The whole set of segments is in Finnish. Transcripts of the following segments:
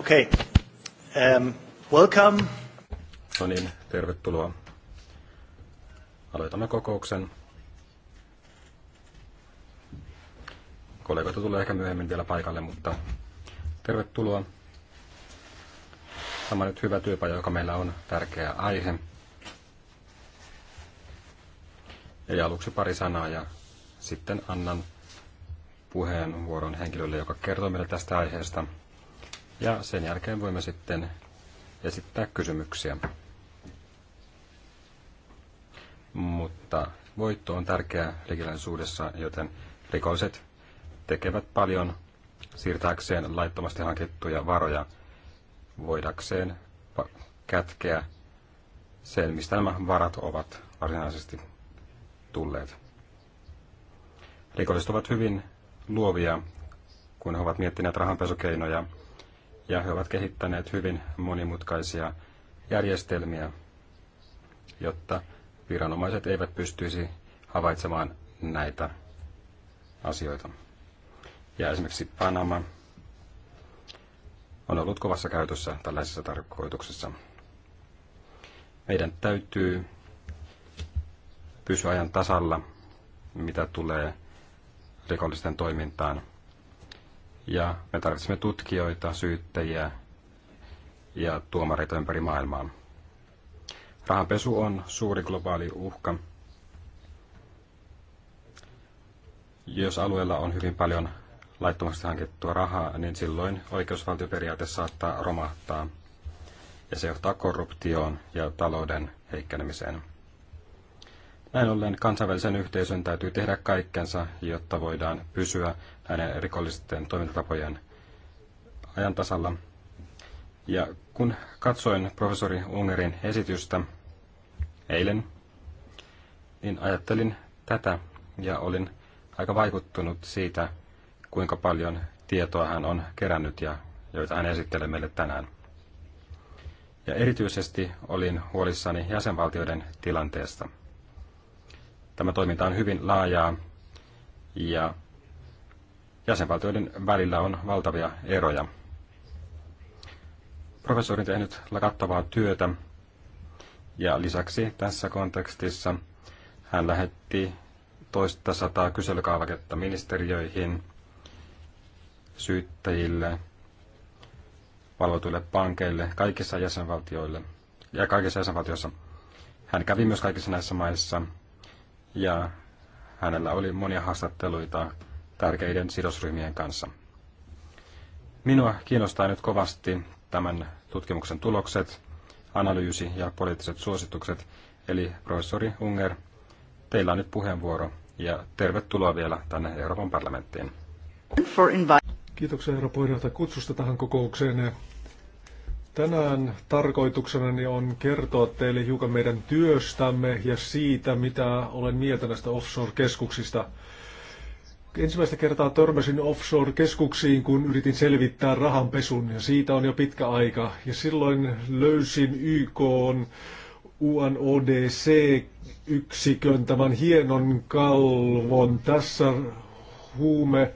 Okay. Um, welcome. No niin, tervetuloa. Aloitamme kokouksen. Kollegoita tulee ehkä myöhemmin vielä paikalle, mutta tervetuloa. Tämä on nyt hyvä työpaja, joka meillä on tärkeä aihe. Ja aluksi pari sanaa ja sitten annan puheenvuoron henkilölle, joka kertoo meille tästä aiheesta – ja sen jälkeen voimme sitten esittää kysymyksiä. Mutta voitto on tärkeä rikollisuudessa, joten rikolliset tekevät paljon siirtääkseen laittomasti hankittuja varoja voidakseen kätkeä sen, mistä nämä varat ovat varsinaisesti tulleet. Rikolliset ovat hyvin luovia, kun he ovat miettineet rahanpesukeinoja ja he ovat kehittäneet hyvin monimutkaisia järjestelmiä, jotta viranomaiset eivät pystyisi havaitsemaan näitä asioita. Ja esimerkiksi Panama on ollut kovassa käytössä tällaisissa tarkoituksessa. Meidän täytyy pysyä ajan tasalla, mitä tulee rikollisten toimintaan ja me tarvitsemme tutkijoita, syyttäjiä ja tuomareita ympäri maailmaa. Rahanpesu on suuri globaali uhka. Jos alueella on hyvin paljon laittomasti hankittua rahaa, niin silloin oikeusvaltioperiaate saattaa romahtaa ja se johtaa korruptioon ja talouden heikkenemiseen. Näin ollen kansainvälisen yhteisön täytyy tehdä kaikkensa, jotta voidaan pysyä hänen rikollisten toimintatapojen ajan tasalla. Ja kun katsoin professori Ungerin esitystä eilen, niin ajattelin tätä ja olin aika vaikuttunut siitä, kuinka paljon tietoa hän on kerännyt ja joita hän esittelee meille tänään. Ja erityisesti olin huolissani jäsenvaltioiden tilanteesta. Tämä toiminta on hyvin laajaa ja jäsenvaltioiden välillä on valtavia eroja. Professori on tehnyt lakattavaa työtä ja lisäksi tässä kontekstissa hän lähetti toista sataa kyselykaavaketta ministeriöihin, syyttäjille, valvotuille pankeille, kaikissa jäsenvaltioille ja kaikissa jäsenvaltioissa. Hän kävi myös kaikissa näissä maissa ja hänellä oli monia haastatteluita tärkeiden sidosryhmien kanssa. Minua kiinnostaa nyt kovasti tämän tutkimuksen tulokset, analyysi ja poliittiset suositukset, eli professori Unger, teillä on nyt puheenvuoro ja tervetuloa vielä tänne Euroopan parlamenttiin. Kiitoksia herra puheenjohtaja kutsusta tähän kokoukseen. Tänään tarkoituksenani on kertoa teille hiukan meidän työstämme ja siitä, mitä olen mieltä näistä offshore-keskuksista ensimmäistä kertaa törmäsin offshore-keskuksiin, kun yritin selvittää rahanpesun, ja siitä on jo pitkä aika. Ja silloin löysin YK on UNODC-yksikön tämän hienon kalvon. Tässä huume,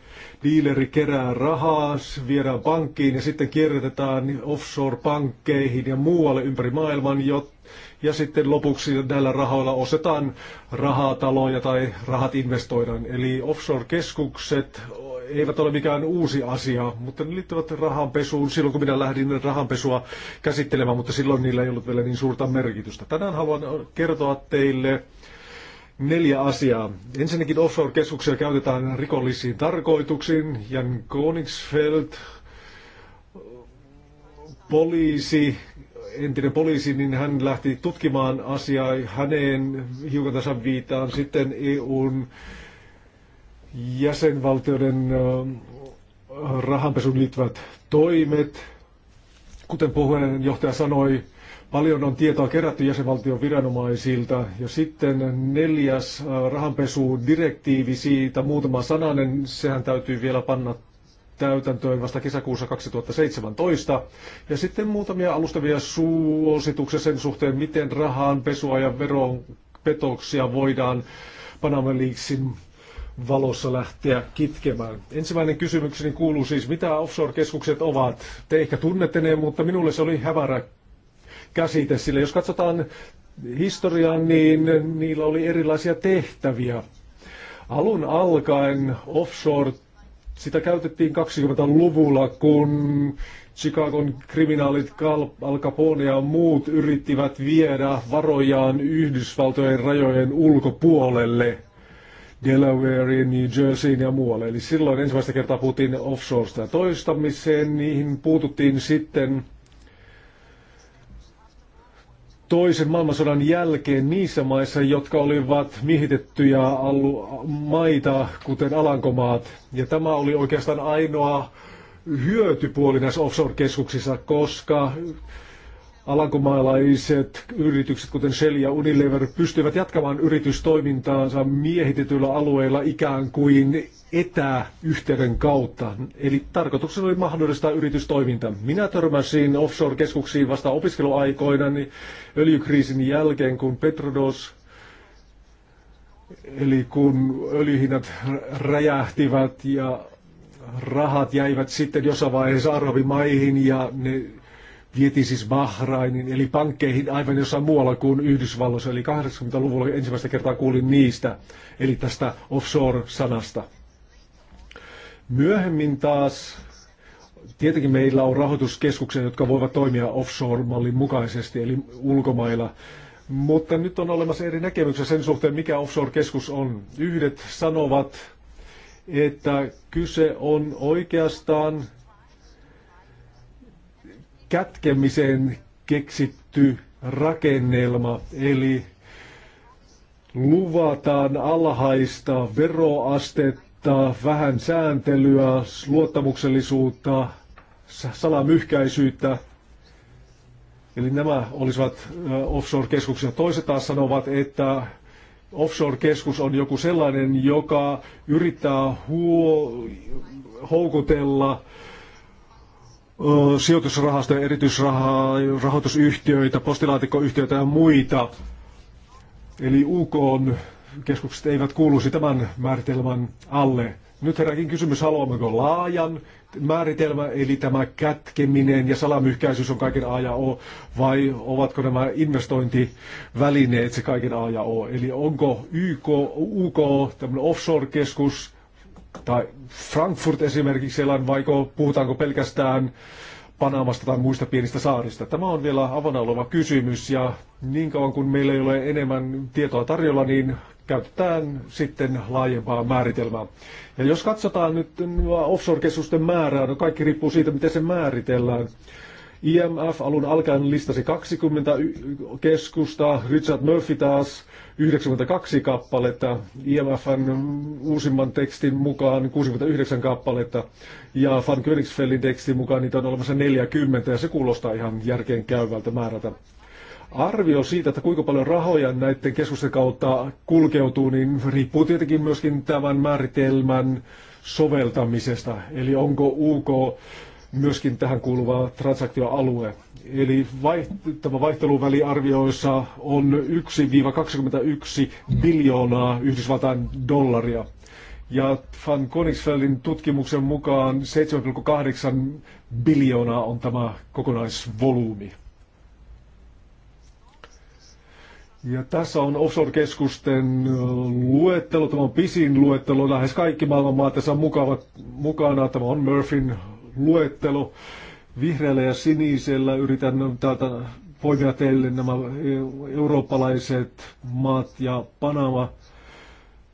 diileri kerää rahaa, viedään pankkiin ja sitten kierrätetään offshore-pankkeihin ja muualle ympäri maailman, jotta ja sitten lopuksi näillä rahoilla ostetaan rahataloja tai rahat investoidaan. Eli offshore-keskukset eivät ole mikään uusi asia, mutta ne liittyvät rahanpesuun silloin, kun minä lähdin rahanpesua käsittelemään, mutta silloin niillä ei ollut vielä niin suurta merkitystä. Tänään haluan kertoa teille neljä asiaa. Ensinnäkin offshore-keskuksia käytetään rikollisiin tarkoituksiin. Jan Koningsfeld, poliisi entinen poliisi, niin hän lähti tutkimaan asiaa. Häneen hiukan tasan viitaan sitten EUn jäsenvaltioiden äh, rahanpesun liittyvät toimet. Kuten puheenjohtaja sanoi, paljon on tietoa kerätty jäsenvaltion viranomaisilta. Ja sitten neljäs äh, rahanpesudirektiivi siitä, muutama sananen, sehän täytyy vielä panna täytäntöön vasta kesäkuussa 2017. Ja sitten muutamia alustavia suosituksia sen suhteen, miten rahaan, pesua ja veron petoksia voidaan Panama Leaksin valossa lähteä kitkemään. Ensimmäinen kysymykseni kuuluu siis, mitä offshore-keskukset ovat? Te ehkä tunnette ne, mutta minulle se oli hävärä käsite, sillä jos katsotaan historiaan, niin niillä oli erilaisia tehtäviä. Alun alkaen offshore sitä käytettiin 20-luvulla, kun Chicagon kriminaalit Al Capone ja muut yrittivät viedä varojaan Yhdysvaltojen rajojen ulkopuolelle. Delaware, New Jerseyin ja muualle. Eli silloin ensimmäistä kertaa puhuttiin offshoresta ja toistamiseen. Niihin puututtiin sitten toisen maailmansodan jälkeen niissä maissa, jotka olivat miehitettyjä maita, kuten Alankomaat. Ja tämä oli oikeastaan ainoa hyötypuoli näissä offshore-keskuksissa, koska alankomaalaiset yritykset, kuten Shell ja Unilever, pystyivät jatkamaan yritystoimintaansa miehitetyillä alueilla ikään kuin etäyhteyden kautta. Eli tarkoituksena oli mahdollistaa yritystoiminta. Minä törmäsin offshore-keskuksiin vasta opiskeluaikoina niin öljykriisin jälkeen, kun Petrodos Eli kun öljyhinnat räjähtivät ja rahat jäivät sitten jossain vaiheessa arabimaihin ja ne vietiin siis Bahrainin, eli pankkeihin aivan jossain muualla kuin Yhdysvalloissa. Eli 80-luvulla ensimmäistä kertaa kuulin niistä, eli tästä offshore-sanasta. Myöhemmin taas tietenkin meillä on rahoituskeskuksia, jotka voivat toimia offshore-mallin mukaisesti, eli ulkomailla. Mutta nyt on olemassa eri näkemyksiä sen suhteen, mikä offshore-keskus on. Yhdet sanovat, että kyse on oikeastaan kätkemiseen keksitty rakennelma, eli luvataan alhaista veroastetta, noudattaa vähän sääntelyä, luottamuksellisuutta, salamyhkäisyyttä. Eli nämä olisivat offshore-keskuksia. Toiset taas sanovat, että offshore-keskus on joku sellainen, joka yrittää huo- houkutella sijoitusrahastoja, rahoitusyhtiöitä, postilaatikkoyhtiöitä ja muita. Eli UK on keskukset eivät kuuluisi tämän määritelmän alle. Nyt heräkin kysymys, haluammeko laajan määritelmä, eli tämä kätkeminen ja salamyhkäisyys on kaiken A ja O, vai ovatko nämä investointivälineet se kaiken A ja O? Eli onko YK, UK, tämmöinen offshore-keskus, tai Frankfurt esimerkiksi sellainen, vaiko puhutaanko pelkästään Panamasta tai muista pienistä saarista? Tämä on vielä avana oleva kysymys ja niin kauan kun meillä ei ole enemmän tietoa tarjolla, niin käytetään sitten laajempaa määritelmää. Ja jos katsotaan nyt offshore-keskusten määrää, no kaikki riippuu siitä, miten se määritellään. IMF alun alkaen listasi 20 keskusta, Richard Murphy taas 92 kappaletta, IMFn uusimman tekstin mukaan 69 kappaletta ja Van Königsfeldin tekstin mukaan niitä on olemassa 40 ja se kuulostaa ihan järkeen käyvältä määrältä. Arvio siitä, että kuinka paljon rahoja näiden keskusten kautta kulkeutuu, niin riippuu tietenkin myöskin tämän määritelmän soveltamisesta. Eli onko UK myöskin tähän kuuluva transaktioalue. Eli vaiht- tämä vaihteluväliarvioissa on 1-21 biljoonaa Yhdysvaltain dollaria. Ja Van Koningsfeldin tutkimuksen mukaan 7,8 biljoonaa on tämä kokonaisvolyymi. Ja tässä on offshore-keskusten luettelo, tämä on pisin luettelo, lähes kaikki maailman maat tässä on mukava, mukana, tämä on Murphyn luettelo. Vihreällä ja sinisellä yritän täältä poimia teille nämä eurooppalaiset maat ja Panama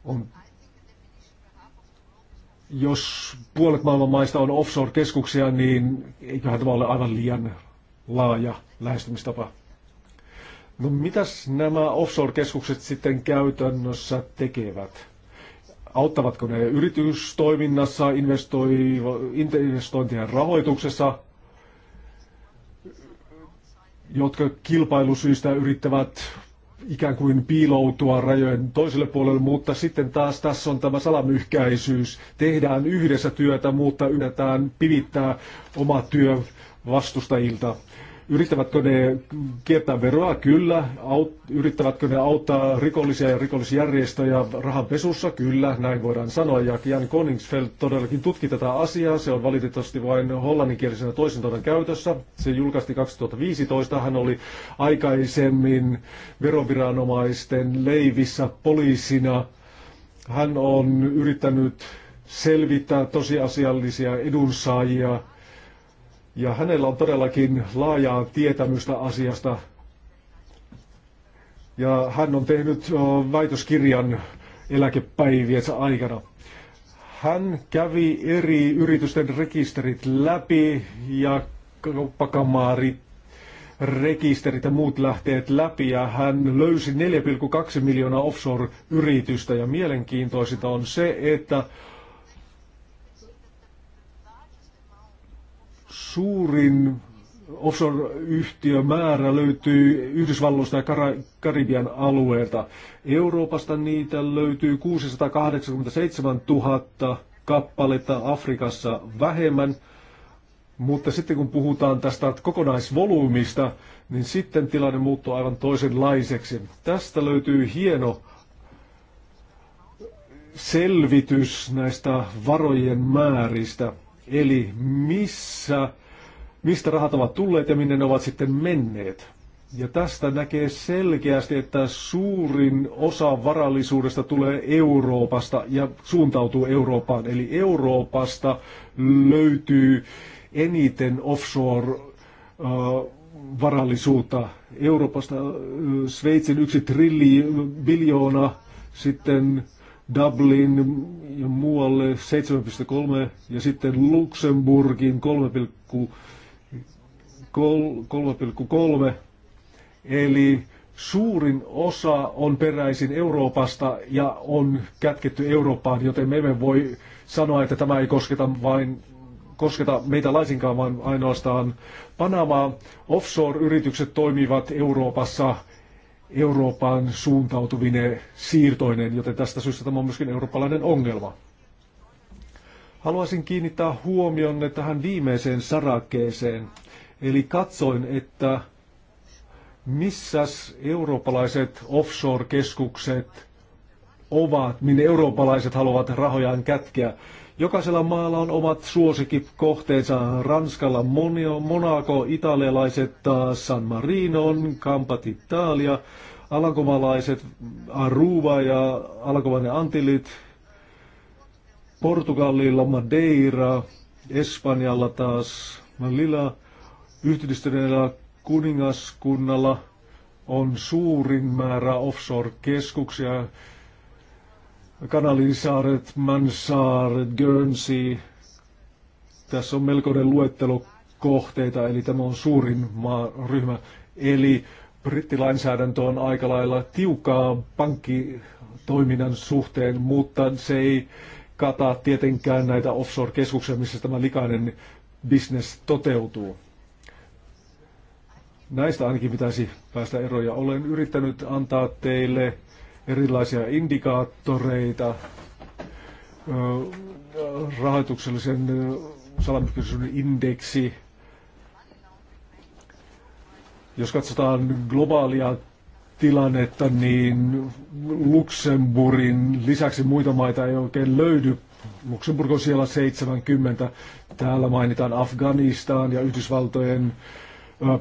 on jos puolet maailman maista on offshore-keskuksia, niin eiköhän tämä ole aivan liian laaja lähestymistapa. No mitäs nämä offshore-keskukset sitten käytännössä tekevät? Auttavatko ne yritystoiminnassa, investointien rahoituksessa, jotka kilpailusyistä yrittävät ikään kuin piiloutua rajojen toiselle puolelle, mutta sitten taas tässä on tämä salamyhkäisyys. Tehdään yhdessä työtä, mutta yritetään pivittää oma työ vastustajilta. Yrittävätkö ne kiertää veroa? Kyllä. Aut, yrittävätkö ne auttaa rikollisia ja rikollisjärjestöjä rahanpesussa? Kyllä, näin voidaan sanoa. Ja Jan Koningsfeld todellakin tutki tätä asiaa. Se on valitettavasti vain hollanninkielisenä toisintona käytössä. Se julkaisti 2015. Hän oli aikaisemmin veroviranomaisten leivissä poliisina. Hän on yrittänyt selvittää tosiasiallisia edunsaajia ja hänellä on todellakin laajaa tietämystä asiasta. Ja hän on tehnyt väitöskirjan eläkepäiviensä aikana. Hän kävi eri yritysten rekisterit läpi ja kauppakamarit rekisterit ja muut lähteet läpi ja hän löysi 4,2 miljoonaa offshore-yritystä ja mielenkiintoisinta on se, että Suurin offshore-yhtiömäärä löytyy Yhdysvalloista ja Karibian alueelta. Euroopasta niitä löytyy 687 000 kappaletta, Afrikassa vähemmän. Mutta sitten kun puhutaan tästä kokonaisvolyymista, niin sitten tilanne muuttuu aivan toisenlaiseksi. Tästä löytyy hieno selvitys näistä varojen määristä. Eli missä, mistä rahat ovat tulleet ja minne ne ovat sitten menneet. Ja tästä näkee selkeästi, että suurin osa varallisuudesta tulee Euroopasta ja suuntautuu Eurooppaan. Eli Euroopasta löytyy eniten offshore-varallisuutta. Äh, Euroopasta äh, Sveitsin yksi trilli, biljoona, sitten Dublin ja muualle 7,3 ja sitten Luxemburgin 3,3. Eli suurin osa on peräisin Euroopasta ja on kätketty Eurooppaan, joten me emme voi sanoa, että tämä ei kosketa vain kosketa meitä laisinkaan, vaan ainoastaan Panamaa. Offshore-yritykset toimivat Euroopassa Euroopan suuntautuvine siirtoinen, joten tästä syystä tämä on myöskin eurooppalainen ongelma. Haluaisin kiinnittää huomionne tähän viimeiseen sarakkeeseen. Eli katsoin, että missäs eurooppalaiset offshore-keskukset ovat, minne eurooppalaiset haluavat rahojaan kätkeä. Jokaisella maalla on omat suosikkikohteensa. Ranskalla Monio, Monaco, italialaiset San Marino, Kampat Italia, alankomalaiset Aruba ja alankomainen Antilit, Portugalilla Madeira, Espanjalla taas Lila, yhdistyneellä kuningaskunnalla on suurin määrä offshore-keskuksia, Kanalinsaaret, Mansaaret, Guernsey. Tässä on melkoinen luettelo kohteita, eli tämä on suurin maaryhmä. Eli brittilainsäädäntö on aika lailla tiukaa pankkitoiminnan suhteen, mutta se ei kata tietenkään näitä offshore-keskuksia, missä tämä likainen bisnes toteutuu. Näistä ainakin pitäisi päästä eroja. Olen yrittänyt antaa teille erilaisia indikaattoreita rahoituksellisen salamakysymyksen indeksi. Jos katsotaan globaalia tilannetta, niin Luxemburgin lisäksi muita maita ei oikein löydy. Luxemburg on siellä 70. Täällä mainitaan Afganistan ja Yhdysvaltojen äh,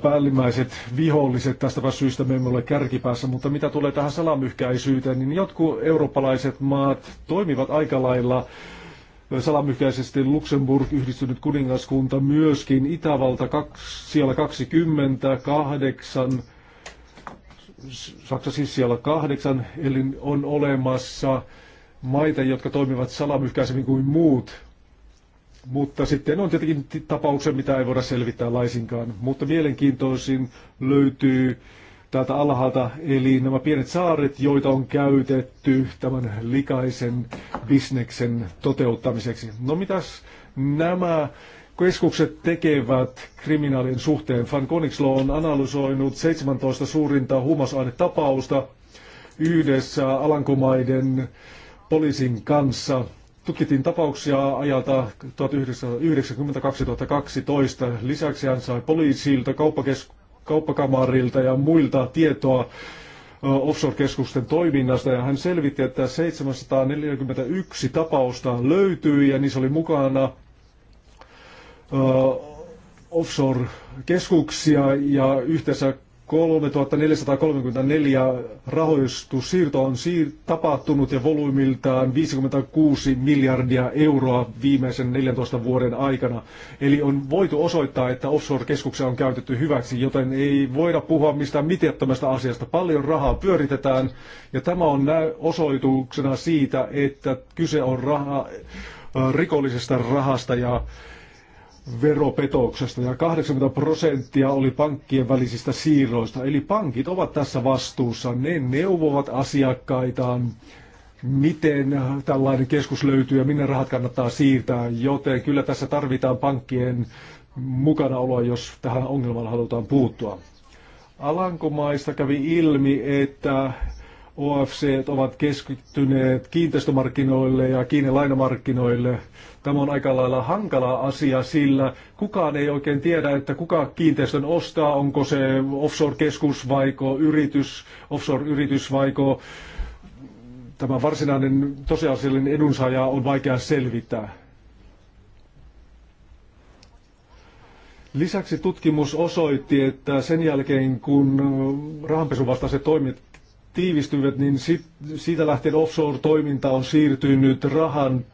päällimmäiset viholliset. tästä syystä me emme ole kärkipäässä, mutta mitä tulee tähän salamyhkäisyyteen, niin jotkut eurooppalaiset maat toimivat aika lailla salamyhkäisesti Luxemburg, yhdistynyt kuningaskunta, myöskin Itävalta kaksi, siellä 28, Saksa siis siellä kahdeksan, eli on olemassa maita, jotka toimivat salamyhkäisemmin kuin muut mutta sitten on tietenkin tapauksia, mitä ei voida selvittää laisinkaan. Mutta mielenkiintoisin löytyy täältä alhaalta, eli nämä pienet saaret, joita on käytetty tämän likaisen bisneksen toteuttamiseksi. No mitäs nämä keskukset tekevät kriminaalin suhteen? Van Konigslo on analysoinut 17 suurinta huumausainetapausta yhdessä Alankomaiden poliisin kanssa – Tutkittiin tapauksia ajalta 1990-2012. Lisäksi hän sai poliisilta, kauppakamarilta ja muilta tietoa offshore-keskusten toiminnasta ja hän selvitti, että 741 tapausta löytyi ja niissä oli mukana offshore-keskuksia ja yhteensä 3434 rahoitussiirto on siir- tapahtunut ja volyymiltaan 56 miljardia euroa viimeisen 14 vuoden aikana. Eli on voitu osoittaa, että offshore-keskuksia on käytetty hyväksi, joten ei voida puhua mistään mitättömästä asiasta. Paljon rahaa pyöritetään ja tämä on nä- osoituksena siitä, että kyse on raha- äh, rikollisesta rahasta ja veropetoksesta ja 80 prosenttia oli pankkien välisistä siirroista. Eli pankit ovat tässä vastuussa. Ne neuvovat asiakkaitaan, miten tällainen keskus löytyy ja minne rahat kannattaa siirtää, joten kyllä tässä tarvitaan pankkien mukanaoloa, jos tähän ongelmaan halutaan puuttua. Alankomaista kävi ilmi, että OFC ovat keskittyneet kiinteistömarkkinoille ja Kiinan lainamarkkinoille – Tämä on aika lailla hankala asia, sillä kukaan ei oikein tiedä, että kuka kiinteistön ostaa, onko se offshore-keskus vaiko yritys, offshore-yritys vaiko tämä varsinainen tosiasiallinen edunsaaja on vaikea selvittää. Lisäksi tutkimus osoitti, että sen jälkeen kun vastaiset toimet tiivistyvät, niin siitä lähtien offshore-toiminta on siirtynyt rahan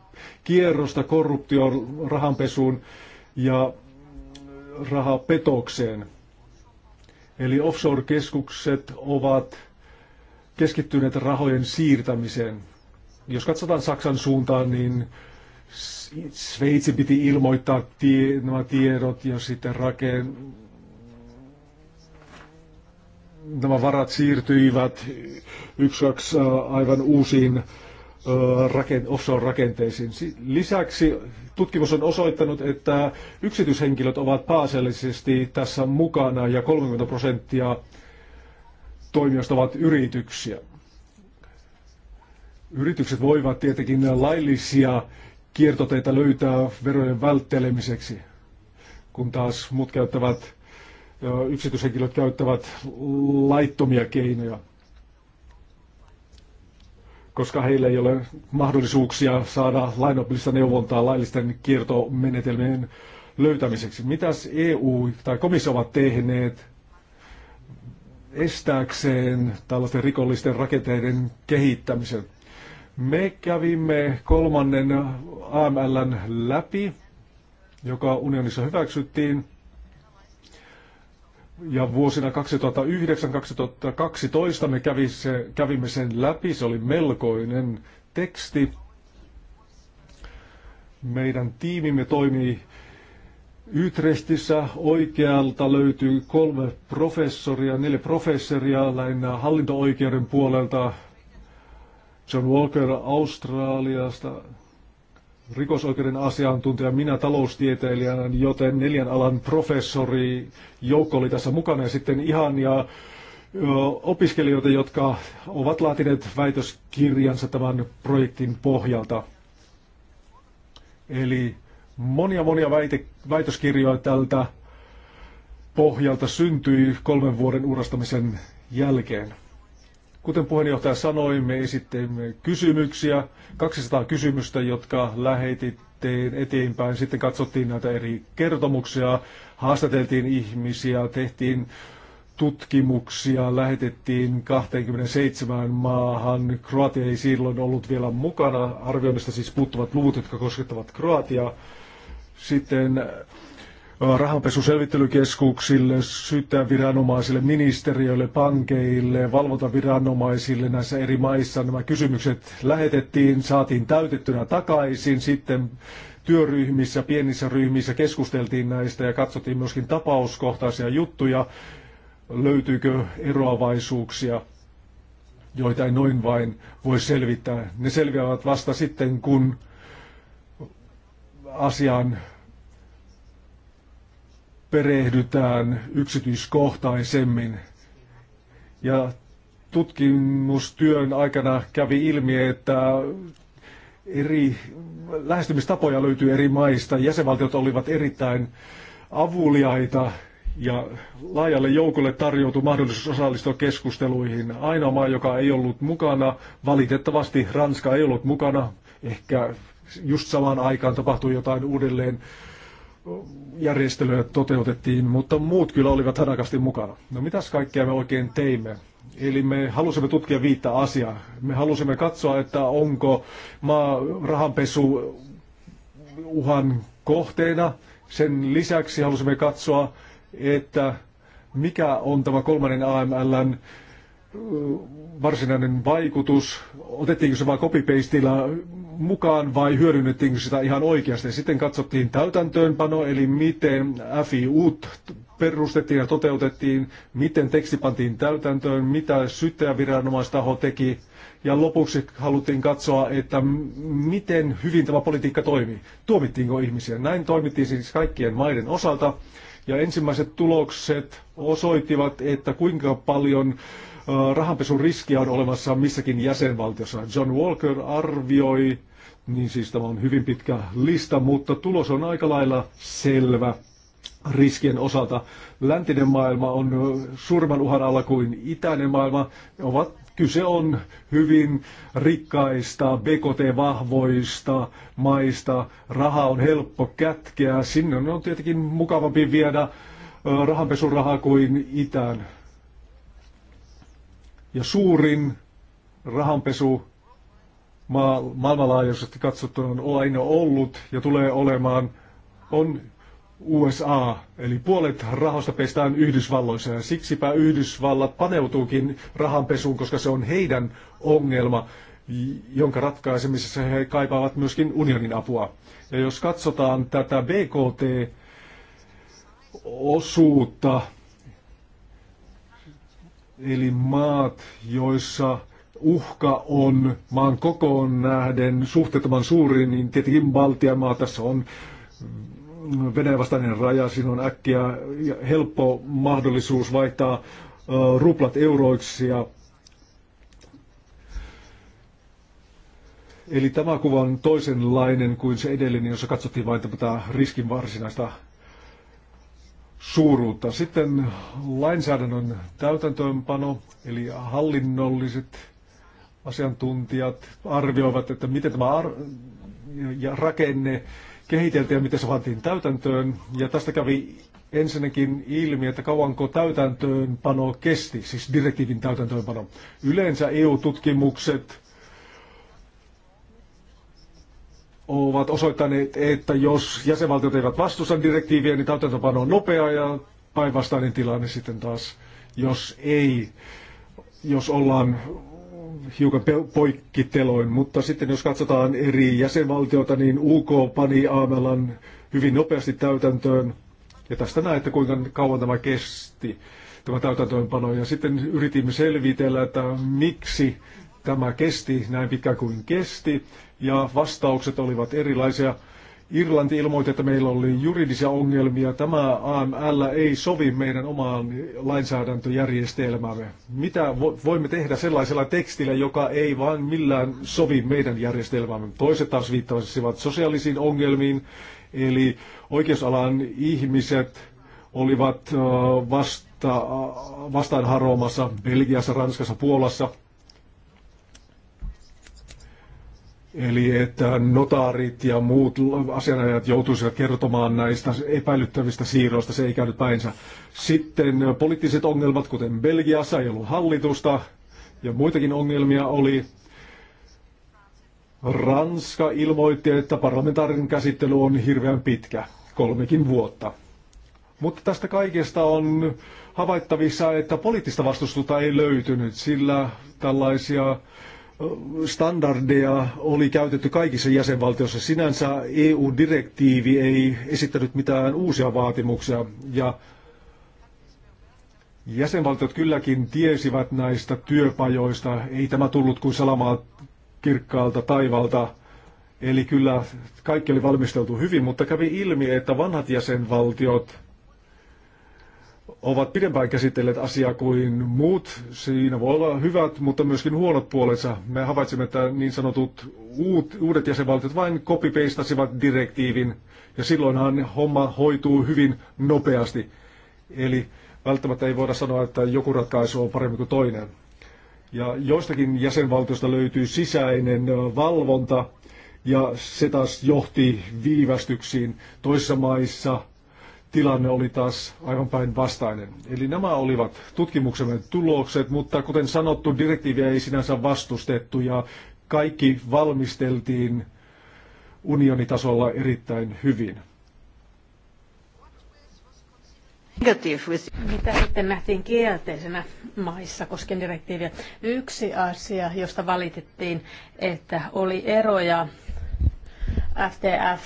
kierrosta, korruptioon, rahanpesuun ja rahapetokseen. Eli offshore-keskukset ovat keskittyneet rahojen siirtämiseen. Jos katsotaan Saksan suuntaan, niin Sveitsi piti ilmoittaa tie, nämä tiedot ja sitten rakeen, nämä varat siirtyivät yksi kaksi aivan uusiin offshore-rakenteisiin. Lisäksi tutkimus on osoittanut, että yksityishenkilöt ovat pääasiallisesti tässä mukana ja 30 prosenttia toimijoista ovat yrityksiä. Yritykset voivat tietenkin laillisia kiertoteita löytää verojen välttelemiseksi, kun taas muut käyttävät, yksityishenkilöt käyttävät laittomia keinoja koska heillä ei ole mahdollisuuksia saada lainopillista neuvontaa laillisten kiertomenetelmien löytämiseksi. Mitäs EU tai komissio ovat tehneet estääkseen tällaisten rikollisten rakenteiden kehittämisen? Me kävimme kolmannen AML läpi, joka unionissa hyväksyttiin. Ja vuosina 2009-2012 me kävimme sen läpi. Se oli melkoinen teksti. Meidän tiimimme toimii Ytrestissä oikealta löytyy kolme professoria, neljä professoria lähinnä hallinto-oikeuden puolelta. John Walker Australiasta, rikosoikeuden asiantuntija, minä taloustieteilijänä, joten neljän alan professori joukko oli tässä mukana ja sitten ihan ja opiskelijoita, jotka ovat laatineet väitöskirjansa tämän projektin pohjalta. Eli monia monia väite, väitöskirjoja tältä pohjalta syntyi kolmen vuoden uurastamisen jälkeen. Kuten puheenjohtaja sanoi, me esitteimme kysymyksiä, 200 kysymystä, jotka lähetitte eteenpäin. Sitten katsottiin näitä eri kertomuksia, haastateltiin ihmisiä, tehtiin tutkimuksia, lähetettiin 27 maahan. Kroatia ei silloin ollut vielä mukana. Arvioinnista siis puuttuvat luvut, jotka koskettavat Kroatiaa. Sitten rahanpesuselvittelykeskuksille, syyttäjäviranomaisille, ministeriöille, pankeille, valvontaviranomaisille näissä eri maissa. Nämä kysymykset lähetettiin, saatiin täytettynä takaisin, sitten työryhmissä, pienissä ryhmissä keskusteltiin näistä ja katsottiin myöskin tapauskohtaisia juttuja, löytyykö eroavaisuuksia joita ei noin vain voi selvittää. Ne selviävät vasta sitten, kun asiaan perehdytään yksityiskohtaisemmin. Ja tutkimustyön aikana kävi ilmi, että eri lähestymistapoja löytyy eri maista. Jäsenvaltiot olivat erittäin avuliaita ja laajalle joukolle tarjoutui mahdollisuus osallistua keskusteluihin. Ainoa maa, joka ei ollut mukana, valitettavasti Ranska ei ollut mukana. Ehkä just samaan aikaan tapahtui jotain uudelleen järjestelyä toteutettiin, mutta muut kyllä olivat hanakasti mukana. No mitäs kaikkea me oikein teimme? Eli me halusimme tutkia viittä asiaa. Me halusimme katsoa, että onko maa rahanpesu uhan kohteena. Sen lisäksi halusimme katsoa, että mikä on tämä kolmannen AMLn varsinainen vaikutus, otettiinko se vain copy-pasteilla mukaan vai hyödynnettiinkö sitä ihan oikeasti. Sitten katsottiin täytäntöönpano, eli miten FIUT perustettiin ja toteutettiin, miten teksti pantiin täytäntöön, mitä syyttäjäviranomaistaho teki, ja lopuksi haluttiin katsoa, että miten hyvin tämä politiikka toimii. Tuomittiinko ihmisiä? Näin toimittiin siis kaikkien maiden osalta. Ja ensimmäiset tulokset osoittivat, että kuinka paljon rahanpesun riskiä on olemassa missäkin jäsenvaltiossa. John Walker arvioi, niin siis tämä on hyvin pitkä lista, mutta tulos on aika lailla selvä riskien osalta. Läntinen maailma on surman uhan alla kuin itäinen maailma. Ovat, kyse on hyvin rikkaista, BKT-vahvoista maista. Raha on helppo kätkeä. Sinne on tietenkin mukavampi viedä rahanpesurahaa kuin itään ja suurin rahanpesu ma- maailmanlaajuisesti katsottuna on aina ollut ja tulee olemaan, on USA, eli puolet rahoista pestään Yhdysvalloissa ja siksipä Yhdysvallat paneutuukin rahanpesuun, koska se on heidän ongelma, jonka ratkaisemisessa he kaipaavat myöskin unionin apua. Ja jos katsotaan tätä BKT-osuutta Eli maat, joissa uhka on maan kokoon nähden suhteettoman suuri, niin tietenkin Baltian maa tässä on Venäjän vastainen raja, siinä on äkkiä helppo mahdollisuus vaihtaa ruplat euroiksi ja Eli tämä kuva on toisenlainen kuin se edellinen, jossa katsottiin vain tätä riskin varsinaista suuruutta. Sitten lainsäädännön täytäntöönpano, eli hallinnolliset asiantuntijat arvioivat, että miten tämä ar- ja rakenne kehiteltiin ja miten se vaatiin täytäntöön. Ja tästä kävi ensinnäkin ilmi, että kauanko täytäntöönpano kesti, siis direktiivin täytäntöönpano. Yleensä EU-tutkimukset ovat osoittaneet, että jos jäsenvaltiot eivät vastusta direktiiviä, niin täytäntöpano on nopea ja päinvastainen tilanne sitten taas, jos ei, jos ollaan hiukan poikkiteloin, mutta sitten jos katsotaan eri jäsenvaltioita, niin UK pani Aamelan hyvin nopeasti täytäntöön. Ja tästä näette, kuinka kauan tämä kesti, tämä täytäntöönpano. Ja sitten yritimme selvitellä, että miksi Tämä kesti näin pitkä kuin kesti ja vastaukset olivat erilaisia. Irlanti ilmoitti, että meillä oli juridisia ongelmia. Tämä AML ei sovi meidän omaan lainsäädäntöjärjestelmäämme. Mitä voimme tehdä sellaisella tekstillä, joka ei vaan millään sovi meidän järjestelmäämme? Toiset taas viittasivat sosiaalisiin ongelmiin, eli oikeusalan ihmiset olivat vasta, vastaan haromassa Belgiassa, Ranskassa, Puolassa – Eli että notaarit ja muut asianajat joutuisivat kertomaan näistä epäilyttävistä siirroista, se ei käynyt päinsä. Sitten poliittiset ongelmat, kuten Belgiassa ei ollut hallitusta ja muitakin ongelmia oli. Ranska ilmoitti, että parlamentaarinen käsittely on hirveän pitkä, kolmekin vuotta. Mutta tästä kaikesta on havaittavissa, että poliittista vastustusta ei löytynyt, sillä tällaisia standardeja oli käytetty kaikissa jäsenvaltioissa. Sinänsä EU-direktiivi ei esittänyt mitään uusia vaatimuksia ja jäsenvaltiot kylläkin tiesivät näistä työpajoista. Ei tämä tullut kuin salamaa kirkkaalta taivalta. Eli kyllä kaikki oli valmisteltu hyvin, mutta kävi ilmi, että vanhat jäsenvaltiot – ovat pidempään käsitelleet asiaa kuin muut. Siinä voi olla hyvät, mutta myöskin huonot puolensa. Me havaitsimme, että niin sanotut uudet jäsenvaltiot vain copy-pastasivat direktiivin, ja silloinhan homma hoituu hyvin nopeasti. Eli välttämättä ei voida sanoa, että joku ratkaisu on parempi kuin toinen. Ja joistakin jäsenvaltiosta löytyy sisäinen valvonta, ja se taas johti viivästyksiin. Toisissa maissa tilanne oli taas aivan päinvastainen. Eli nämä olivat tutkimuksemme tulokset, mutta kuten sanottu, direktiiviä ei sinänsä vastustettu ja kaikki valmisteltiin unionitasolla erittäin hyvin. Mitä sitten nähtiin kielteisenä maissa koskien direktiiviä? Yksi asia, josta valitettiin, että oli eroja FTF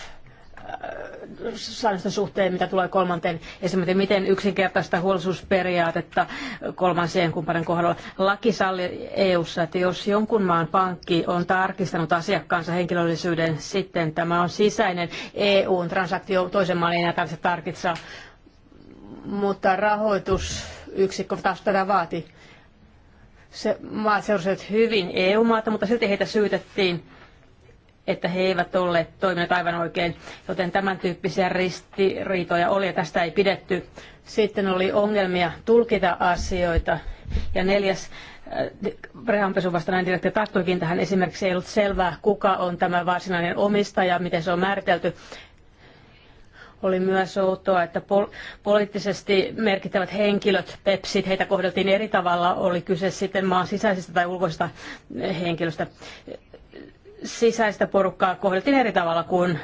säännösten suhteen, mitä tulee kolmanteen esimerkiksi, miten yksinkertaista huolellisuusperiaatetta kolmansien kumppanin kohdalla. Laki salli EU-ssa, että jos jonkun maan pankki on tarkistanut asiakkaansa henkilöllisyyden, sitten tämä on sisäinen EU-transaktio, toisen maan ei enää tarvitse tarkitsaa, mutta rahoitusyksikkö taas tätä vaati. Se, maat seurasivat hyvin EU-maata, mutta silti heitä syytettiin että he eivät olleet toimineet aivan oikein, joten tämän tyyppisiä ristiriitoja oli ja tästä ei pidetty. Sitten oli ongelmia tulkita asioita ja neljäs äh, rahanpesuvastainen direktio tarttuikin tähän. Esimerkiksi ei ollut selvää, kuka on tämä varsinainen omistaja, miten se on määritelty. Oli myös outoa, että pol- poliittisesti merkittävät henkilöt, pepsit, heitä kohdeltiin eri tavalla, oli kyse sitten maan sisäisestä tai ulkoisesta henkilöstä sisäistä porukkaa kohdeltiin eri tavalla kuin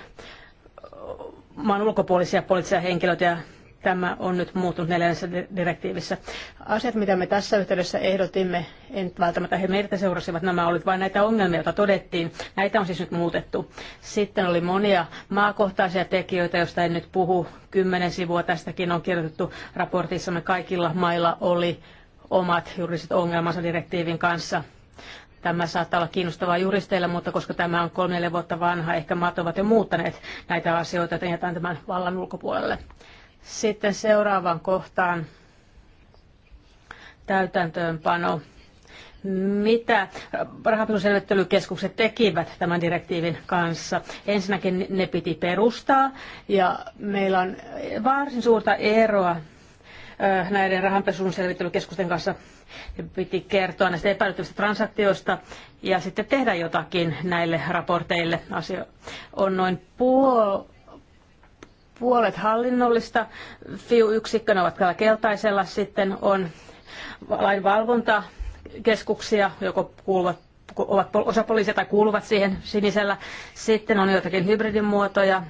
maan ulkopuolisia poliittisia henkilöitä ja tämä on nyt muuttunut neljännessä direktiivissä. Asiat, mitä me tässä yhteydessä ehdotimme, en välttämättä he meitä seurasivat, nämä olivat vain näitä ongelmia, joita todettiin. Näitä on siis nyt muutettu. Sitten oli monia maakohtaisia tekijöitä, joista en nyt puhu. Kymmenen sivua tästäkin on kirjoitettu raportissamme. Kaikilla mailla oli omat juridiset ongelmansa direktiivin kanssa. Tämä saattaa olla kiinnostavaa juristeille, mutta koska tämä on kolme neljä vuotta vanha, ehkä maat ovat jo muuttaneet näitä asioita, että jätän tämän vallan ulkopuolelle. Sitten seuraavaan kohtaan täytäntöönpano. Mitä rahapesuselvittelykeskukset tekivät tämän direktiivin kanssa? Ensinnäkin ne piti perustaa ja meillä on varsin suurta eroa näiden rahanpesun selvittelykeskusten kanssa piti kertoa näistä epäilyttävistä transaktioista ja sitten tehdä jotakin näille raporteille. Asio on noin puol puolet hallinnollista. FIU-yksikkö, ovat täällä keltaisella, sitten on lainvalvontakeskuksia, joko kuuluvat ovat osa poliisia tai kuuluvat siihen sinisellä. Sitten on joitakin hybridimuotoja,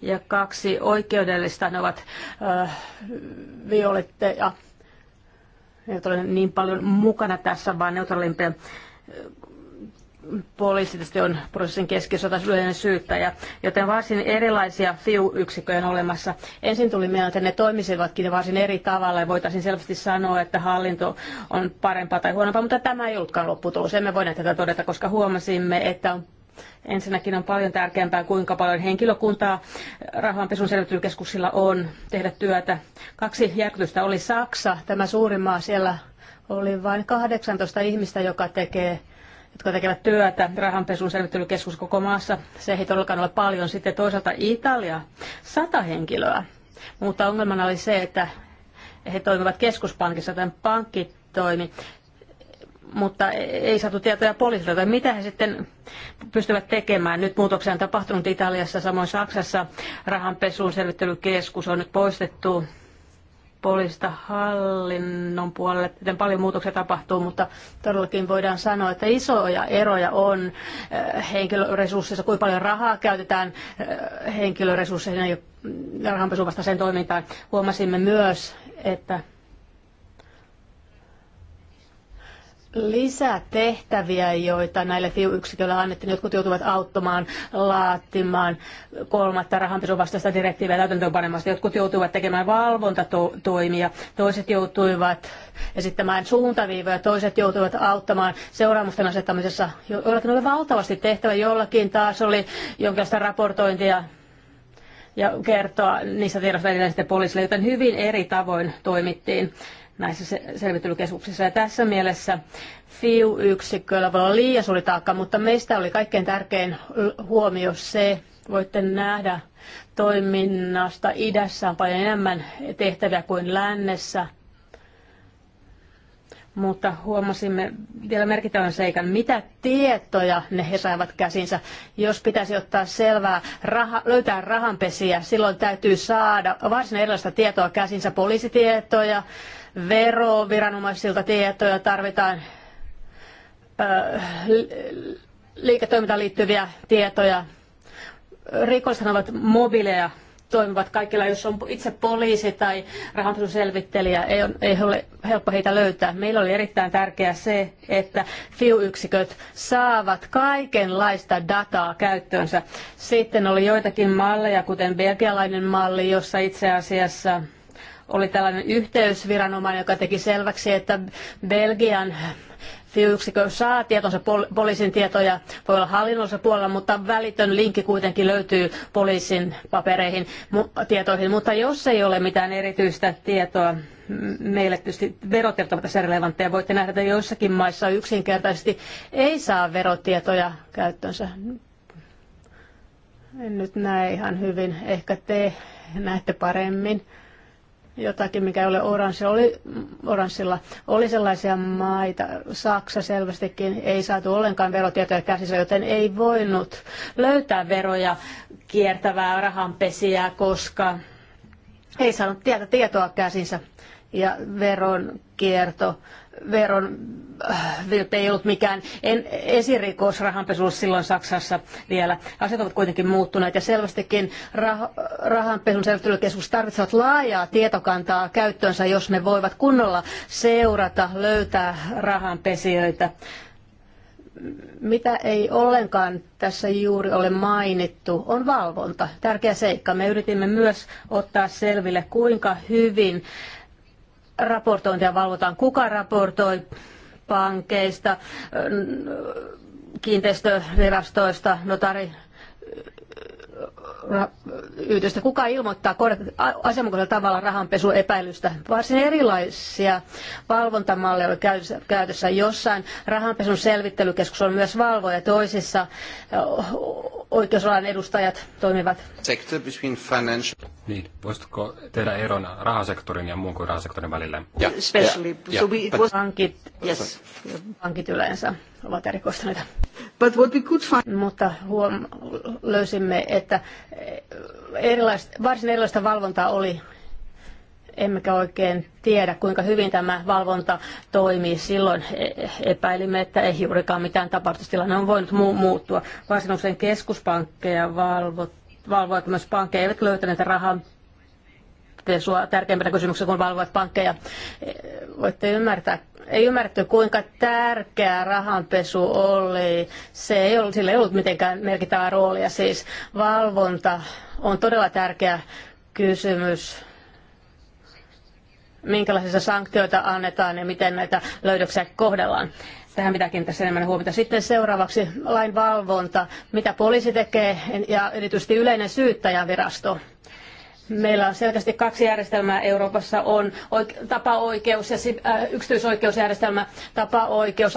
ja kaksi oikeudellista, ne ovat äh, violette ja ei ole niin paljon mukana tässä, vaan neutraalimpia poliisi tietysti on prosessin keskiössä tai yleinen syyttäjä, joten varsin erilaisia FIU-yksikköjä on olemassa. Ensin tuli mieleen, että ne toimisivatkin varsin eri tavalla ja voitaisiin selvästi sanoa, että hallinto on parempaa tai huonompaa, mutta tämä ei ollutkaan lopputulos. Emme voineet tätä todeta, koska huomasimme, että on Ensinnäkin on paljon tärkeämpää, kuinka paljon henkilökuntaa rahanpesun selvittelykeskuksilla on tehdä työtä. Kaksi järkytystä oli Saksa, tämä suurin maa. Siellä oli vain 18 ihmistä, joka tekee jotka tekevät työtä rahanpesun selvittelykeskus koko maassa. Se ei todellakaan ole paljon. Sitten toisaalta Italia, sata henkilöä. Mutta ongelmana oli se, että he toimivat keskuspankissa, tämän pankki toimi mutta ei saatu tietoja poliisilta, Tai mitä he sitten pystyvät tekemään. Nyt muutoksia on tapahtunut Italiassa, samoin Saksassa. Rahanpesuun selvittelykeskus on nyt poistettu poliisista hallinnon puolelle, miten paljon muutoksia tapahtuu, mutta todellakin voidaan sanoa, että isoja eroja on eh, henkilöresursseissa, kuinka paljon rahaa käytetään eh, henkilöresursseihin ja rahanpesuvastaiseen toimintaan. Huomasimme myös, että lisätehtäviä, joita näille FIU-yksiköille annettiin. Jotkut joutuvat auttamaan, laatimaan kolmatta vastaista direktiiviä täytäntöönpanemasta. Jotkut joutuivat tekemään valvontatoimia, toiset joutuivat esittämään suuntaviivoja, toiset joutuivat auttamaan seuraamusten asettamisessa. Jollakin oli valtavasti tehtävä, jollakin taas oli jonkinlaista raportointia ja kertoa niistä tiedosta edelleen sitten poliisille, joten hyvin eri tavoin toimittiin näissä selvittelykeskuksissa. Ja tässä mielessä FIU-yksiköllä voi olla liian suuri taakka, mutta meistä oli kaikkein tärkein huomio se, voitte nähdä toiminnasta idässä on paljon enemmän tehtäviä kuin lännessä. Mutta huomasimme vielä merkittävän seikan, mitä tietoja ne he saivat käsinsä. Jos pitäisi ottaa selvää, raha, löytää rahanpesiä, silloin täytyy saada varsin erilaista tietoa käsinsä, poliisitietoja, veroviranomaisilta tietoja, tarvitaan liiketoimintaan liittyviä tietoja. Rikolliset ovat mobiileja toimivat kaikilla, jos on itse poliisi tai rahanpesuselvittelijä, ei, on, ei ole helppo heitä löytää. Meillä oli erittäin tärkeää se, että FIU-yksiköt saavat kaikenlaista dataa käyttöönsä. Sitten oli joitakin malleja, kuten belgialainen malli, jossa itse asiassa oli tällainen yhteysviranomainen, joka teki selväksi, että Belgian yksikkö saa tietonsa poliisin tietoja, voi olla hallinnollisella puolella, mutta välitön linkki kuitenkin löytyy poliisin papereihin, tietoihin. Mutta jos ei ole mitään erityistä tietoa, meille tietysti verotiedot ovat tässä relevantteja. Voitte nähdä, että joissakin maissa yksinkertaisesti ei saa verotietoja käyttöönsä. En nyt näe ihan hyvin. Ehkä te näette paremmin jotakin, mikä ei ole oranssi, oli, oranssilla. Oli sellaisia maita, Saksa selvästikin ei saatu ollenkaan verotietoja käsissä, joten ei voinut löytää veroja kiertävää rahanpesijää, koska ei saanut tietä tietoa käsinsä ja veronkierto. Veron äh, vilpe ei ollut mikään en, esirikos rahanpesu silloin Saksassa vielä. Asiat ovat kuitenkin muuttuneet ja selvästikin rah, rahanpesun selvittelykeskus tarvitsevat laajaa tietokantaa käyttöönsä, jos ne voivat kunnolla seurata, löytää rahanpesijöitä. Mitä ei ollenkaan tässä juuri ole mainittu, on valvonta. Tärkeä seikka. Me yritimme myös ottaa selville, kuinka hyvin raportointia valvotaan, kuka raportoi pankeista, kiinteistövirastoista, notari No, yritystä, kuka ilmoittaa asianmukaisella tavalla rahanpesuepäilystä. Varsin erilaisia valvontamalleja on käytössä jossain. Rahanpesun selvittelykeskus on myös valvoja toisissa oikeusalan edustajat toimivat. Sector between financial... Niin, voisitko tehdä eron rahasektorin ja muun kuin rahasektorin välillä? Yeah. Especially, yeah. so we, it was... Pankit, yes. pankit yleensä ovat erikoistuneita. But what we could find... Mutta huom- löysimme, että erilaista, varsin erilaista valvontaa oli emmekä oikein tiedä, kuinka hyvin tämä valvonta toimii. Silloin e-, epäilimme, että ei juurikaan mitään tapahtustilanne on voinut mu- muuttua. usein keskuspankkeja valvoivat myös pankkeja, eivät löytäneet rahan pesua tärkeimpänä kysymyksenä, kun valvovat pankkeja. E-, voitte ymmärtää, ei ymmärretty, kuinka tärkeää rahanpesu oli. Se ei ollut, sillä ei ollut mitenkään merkittävää roolia. Siis valvonta on todella tärkeä kysymys minkälaisia sanktioita annetaan ja miten näitä löydöksiä kohdellaan. Tähän pitääkin tässä enemmän huomiota. Sitten seuraavaksi lainvalvonta, mitä poliisi tekee ja erityisesti yleinen syyttäjävirasto. virasto. Meillä on selkeästi kaksi järjestelmää Euroopassa. On tapaoikeus ja äh, yksityisoikeusjärjestelmä, tapaoikeus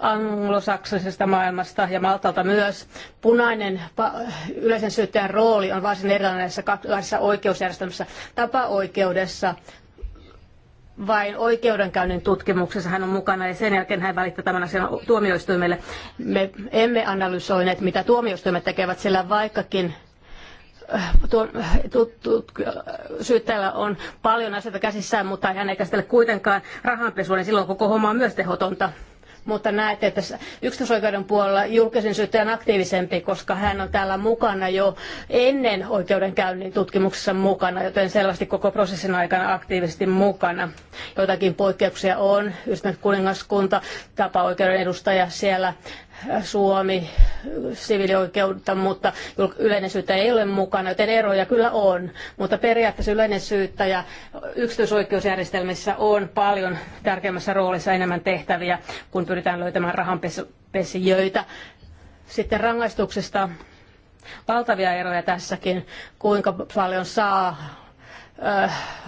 anglosaksisesta maailmasta ja Maltalta myös. Punainen yleisen syyttäjän rooli on varsin erilainen näissä kahdessa oikeusjärjestelmässä. Tapaoikeudessa vain oikeudenkäynnin tutkimuksessa hän on mukana ja sen jälkeen hän välittää tämän asian tuomioistuimelle. Me emme analysoineet, mitä tuomioistuimet tekevät, sillä vaikkakin syyttäjällä on paljon asioita käsissään, mutta hän ei käsitellä kuitenkaan rahanpesua, niin silloin koko homma on myös tehotonta. Mutta näette, että yksityisoikeuden puolella julkisen syyttäjän aktiivisempi, koska hän on täällä mukana jo ennen oikeudenkäynnin tutkimuksessa mukana, joten selvästi koko prosessin aikana aktiivisesti mukana. Joitakin poikkeuksia on, ystävät kuningaskunta, tapaoikeuden edustaja siellä Suomi siviilioikeutta, mutta yleinen syyttäjä ei ole mukana, joten eroja kyllä on. Mutta periaatteessa yleinen syyttäjä yksityisoikeusjärjestelmissä on paljon tärkeimmässä roolissa enemmän tehtäviä, kun pyritään löytämään rahanpesijöitä. Sitten rangaistuksesta valtavia eroja tässäkin, kuinka paljon saa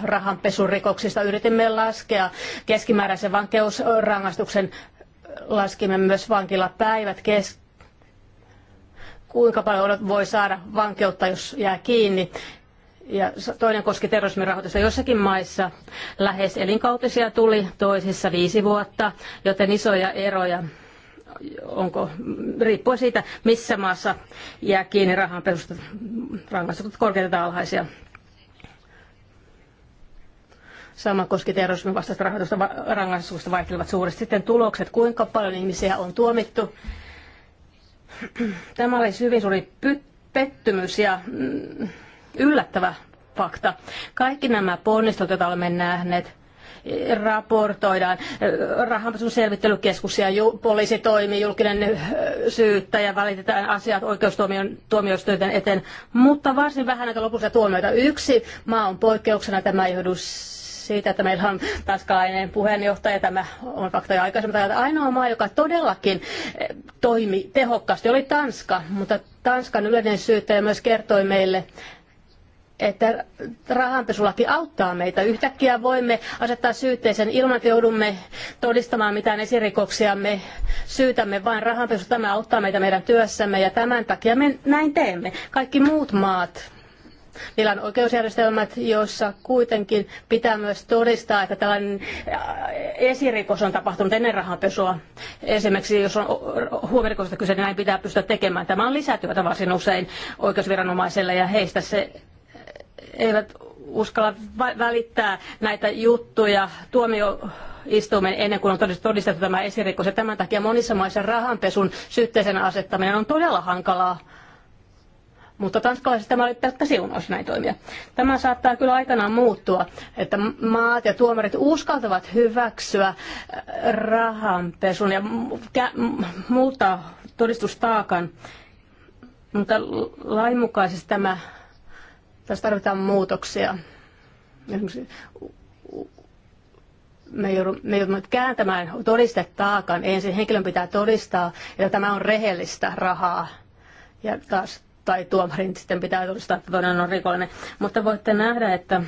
rahanpesurikoksista. Yritimme laskea keskimääräisen vankeusrangaistuksen laskimme myös vankilapäivät kes- kuinka paljon voi saada vankeutta, jos jää kiinni. Ja toinen koski terrorismin rahoitusta. Jossakin maissa lähes elinkautisia tuli, toisissa viisi vuotta, joten isoja eroja onko, riippuen siitä, missä maassa jää kiinni rahanpesusta, rangaistukset korkeita tai alhaisia. Sama koski terrorismin vastaista rahoitusta, rangaistusta vaihtelevat suuresti. Sitten tulokset, kuinka paljon ihmisiä on tuomittu. Tämä oli hyvin suuri pettymys ja mm, yllättävä fakta. Kaikki nämä ponnistot, joita olemme nähneet, raportoidaan. Rahanpesun selvittelykeskus ja poliisi toimii, julkinen syyttäjä, välitetään asiat oikeustuomioistuinten eteen, mutta varsin vähän näitä lopullisia tuomioita. Yksi maa on poikkeuksena, tämä ei johdu siitä, että meillä on tanskalainen puheenjohtaja, tämä on fakta jo aikaisemmin, että ainoa maa, joka todellakin eh, toimi tehokkaasti, oli Tanska, mutta Tanskan yleinen syyttäjä myös kertoi meille, että rahanpesulaki auttaa meitä. Yhtäkkiä voimme asettaa syytteeseen ilman, että joudumme todistamaan mitään esirikoksia. Me syytämme vain rahanpesu. Tämä auttaa meitä meidän työssämme ja tämän takia me näin teemme. Kaikki muut maat Niillä on oikeusjärjestelmät, joissa kuitenkin pitää myös todistaa, että tällainen äh, esirikos on tapahtunut ennen rahanpesua. Esimerkiksi jos on huomirikosta kyse, niin näin pitää pystyä tekemään. Tämä on lisätyötä varsin usein oikeusviranomaiselle ja heistä se äh, eivät uskalla välittää näitä juttuja tuomioistuimen ennen kuin on todistettu tämä esirikos. Ja tämän takia monissa maissa rahanpesun syytteisen asettaminen on todella hankalaa mutta tanskalaisissa tämä oli pelkkä siunaus näin toimia. Tämä saattaa kyllä aikanaan muuttua, että maat ja tuomarit uskaltavat hyväksyä äh, rahanpesun ja muuttaa todistustaakan. Mutta lainmukaisesti tämä, tässä tarvitaan muutoksia. Esimerkiksi me joudumme kääntämään todistetaakan. Ensin henkilön pitää todistaa, että tämä on rehellistä rahaa. Ja taas tai tuomarin sitten pitää todistaa, että toinen on rikollinen. Mutta voitte nähdä, että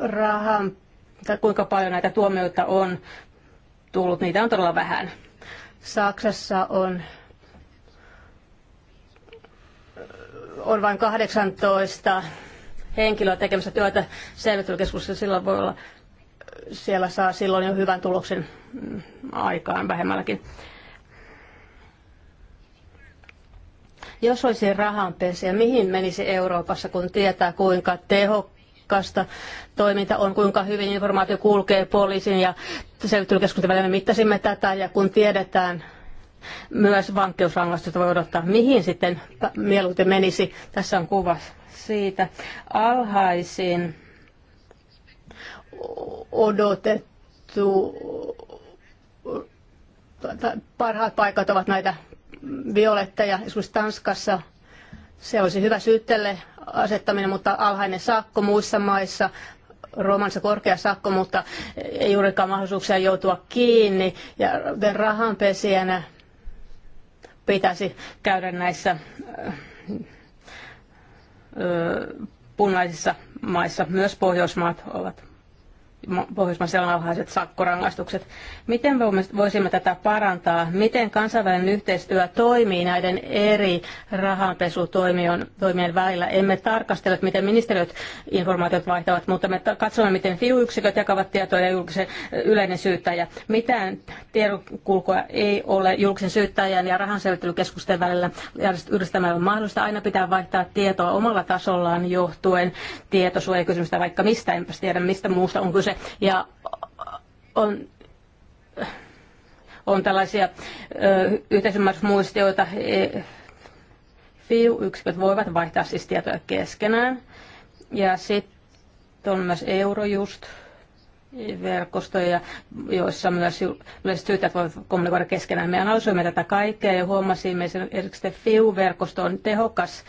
rahan, tai kuinka paljon näitä tuomioita on tullut, niitä on todella vähän. Saksassa on on vain 18 henkilöä tekemässä työtä selvittelykeskuksessa, silloin voi olla, siellä saa silloin jo hyvän tuloksen mm, aikaan vähemmälläkin. Jos olisi rahanpesiä, mihin menisi Euroopassa, kun tietää kuinka tehokasta toiminta on, kuinka hyvin informaatio kulkee poliisin ja selvittelykeskuksen välillä. Me mittasimme tätä ja kun tiedetään, myös vankeusrangaistusta voi odottaa. Mihin sitten mieluiten menisi? Tässä on kuva siitä. Alhaisin odotettu parhaat paikat ovat näitä violetteja, esimerkiksi Tanskassa se olisi hyvä syyttelle asettaminen, mutta alhainen sakko muissa maissa, Romansa korkea sakko, mutta ei juurikaan mahdollisuuksia joutua kiinni. Ja rahanpesijänä pitäisi käydä näissä punaisissa maissa. Myös Pohjoismaat ovat pohjoismaisen alhaiset sakkorangaistukset. Miten voisimme tätä parantaa? Miten kansainvälinen yhteistyö toimii näiden eri rahanpesutoimien välillä? Emme tarkastele, miten ministeriöt informaatiot vaihtavat, mutta me katsomme, miten FIU-yksiköt jakavat tietoja ja julkisen yleinen syyttäjä. Mitään tiedonkulkua ei ole julkisen syyttäjän ja rahanselvittelykeskusten välillä yhdistämällä mahdollista. Aina pitää vaihtaa tietoa omalla tasollaan johtuen tietosuojakysymystä, vaikka mistä, enpä tiedä mistä muusta on kyse ja on, on tällaisia yhteisymmärrysmuistioita, e, FIU-yksiköt voivat vaihtaa siis tietoja keskenään. Ja sitten on myös Eurojust, verkostoja, joissa myös yleiset syyttäjät voivat kommunikoida keskenään. Me analysoimme tätä kaikkea ja huomasimme, että esimerkiksi FIU-verkosto on tehokas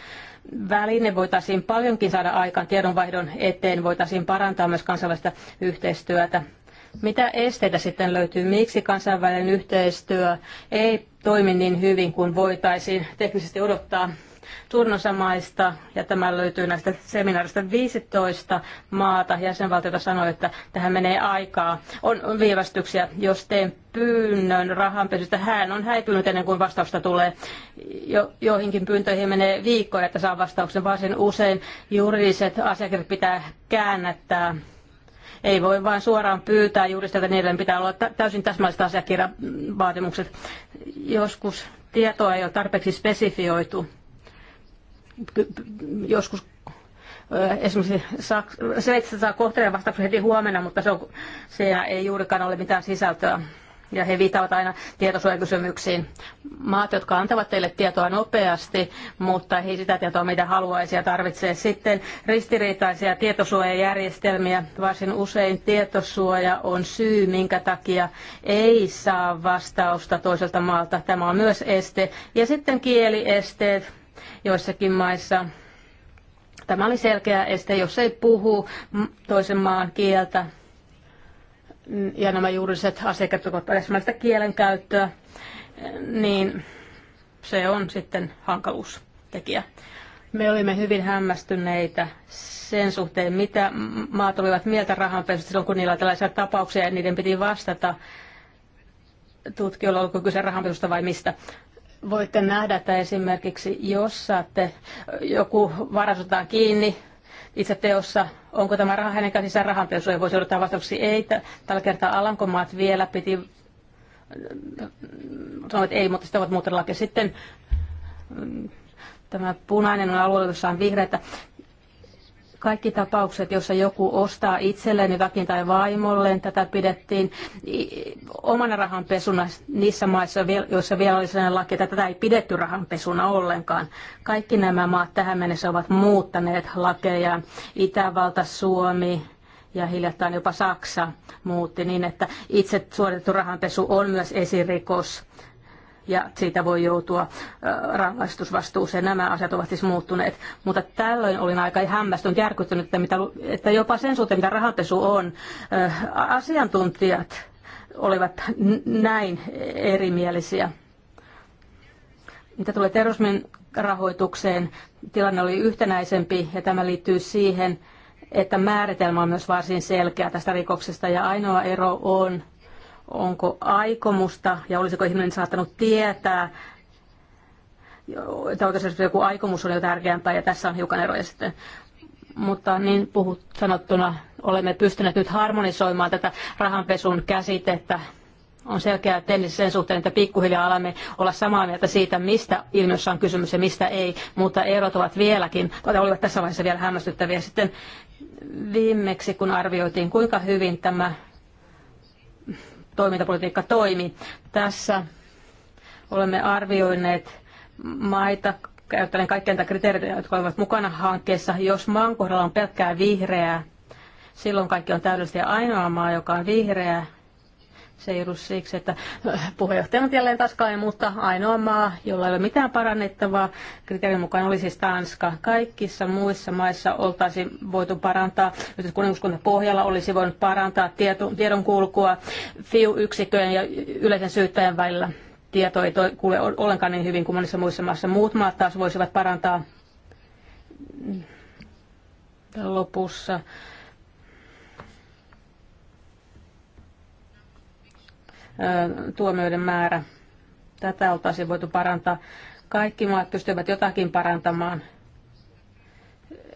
väline voitaisiin paljonkin saada aikaan tiedonvaihdon eteen, voitaisiin parantaa myös kansainvälistä yhteistyötä. Mitä esteitä sitten löytyy? Miksi kansainvälinen yhteistyö ei toimi niin hyvin kuin voitaisiin teknisesti odottaa? turnosamaista, ja tämä löytyy näistä seminaarista 15 maata. Jäsenvaltiota sanoi, että tähän menee aikaa. On viivästyksiä, jos teen pyynnön rahanpesystä. Hän on häipynyt ennen kuin vastausta tulee. Jo, joihinkin pyyntöihin menee viikkoja, että saa vastauksen. Varsin usein juridiset asiakirjat pitää käännättää ei voi vain suoraan pyytää että niiden pitää olla täysin täsmälliset asiakirjavaatimukset. Joskus tietoa ei ole tarpeeksi spesifioitu joskus esimerkiksi Sveitsissä saa kohtelijan vastauksen heti huomenna, mutta se, on, se ei juurikaan ole mitään sisältöä. Ja he viittaavat aina tietosuojakysymyksiin. Maat, jotka antavat teille tietoa nopeasti, mutta ei sitä tietoa, mitä haluaisi ja tarvitsee. Sitten ristiriitaisia tietosuojajärjestelmiä. Varsin usein tietosuoja on syy, minkä takia ei saa vastausta toiselta maalta. Tämä on myös este. Ja sitten kieliesteet joissakin maissa. Tämä oli selkeä este, jos ei puhu toisen maan kieltä ja nämä juuriset asiakkaat ovat esimerkiksi kielen käyttöä, niin se on sitten hankaluustekijä. Me olimme hyvin hämmästyneitä sen suhteen, mitä maat olivat mieltä rahanpesusta silloin, kun niillä oli tällaisia tapauksia ja niiden piti vastata tutkijoilla, olko kyse rahanpesusta vai mistä. Voitte nähdä, että esimerkiksi jos saatte joku varasotaan kiinni itse teossa, onko tämä raha hänen käsissä rahanpesu, ei voisi odottaa vastauksia, ei. Tällä kertaa Alankomaat vielä piti että äh, ei, mutta sitten ovat muuten laki. Sitten mm, tämä punainen on alueella, jossa on vihreitä. Kaikki tapaukset, joissa joku ostaa itselleen väkin tai vaimolleen, tätä pidettiin omana rahanpesuna niissä maissa, joissa vielä oli sellainen laki, että tätä ei pidetty rahanpesuna ollenkaan. Kaikki nämä maat tähän mennessä ovat muuttaneet lakeja. Itävalta, Suomi, ja hiljattain jopa Saksa muutti niin, että itse suoritettu rahanpesu on myös esirikos ja siitä voi joutua rangaistusvastuuseen. Nämä asiat ovat siis muuttuneet. Mutta tällöin olin aika hämmästynyt, järkyttynyt, että, mitä, että jopa sen suhteen, mitä rahanpesu on, asiantuntijat olivat näin erimielisiä. Mitä tulee terrorismin rahoitukseen, tilanne oli yhtenäisempi ja tämä liittyy siihen, että määritelmä on myös varsin selkeä tästä rikoksesta ja ainoa ero on, onko aikomusta ja olisiko ihminen saattanut tietää, että oikeastaan joku aikomus on jo tärkeämpää ja tässä on hiukan eroja sitten. Mutta niin puhut sanottuna, olemme pystyneet nyt harmonisoimaan tätä rahanpesun käsitettä on selkeä tennis sen suhteen, että pikkuhiljaa alamme olla samaa mieltä siitä, mistä ilmiössä on kysymys ja mistä ei, mutta erot ovat vieläkin, tai olivat tässä vaiheessa vielä hämmästyttäviä. Sitten viimeksi, kun arvioitiin, kuinka hyvin tämä toimintapolitiikka toimi. Tässä olemme arvioineet maita käyttäen kaikkia niitä kriteereitä, jotka olivat mukana hankkeessa. Jos maan kohdalla on pelkkää vihreää, silloin kaikki on täydellistä ja ainoa maa, joka on vihreää, se ei ollut siksi, että on jälleen taas kai, mutta ainoa maa, jolla ei ole mitään parannettavaa, kriteerin mukaan oli siis Tanska. Kaikissa muissa maissa oltaisiin voitu parantaa, yhteiskunnan pohjalla olisi voinut parantaa tiedon kulkua FIU-yksikön ja yleisen syyttäjän välillä. Tieto ei toi, kuule ollenkaan niin hyvin kuin monissa muissa maissa. Muut maat taas voisivat parantaa lopussa tuomioiden määrä. Tätä oltaisiin voitu parantaa. Kaikki maat pystyvät jotakin parantamaan.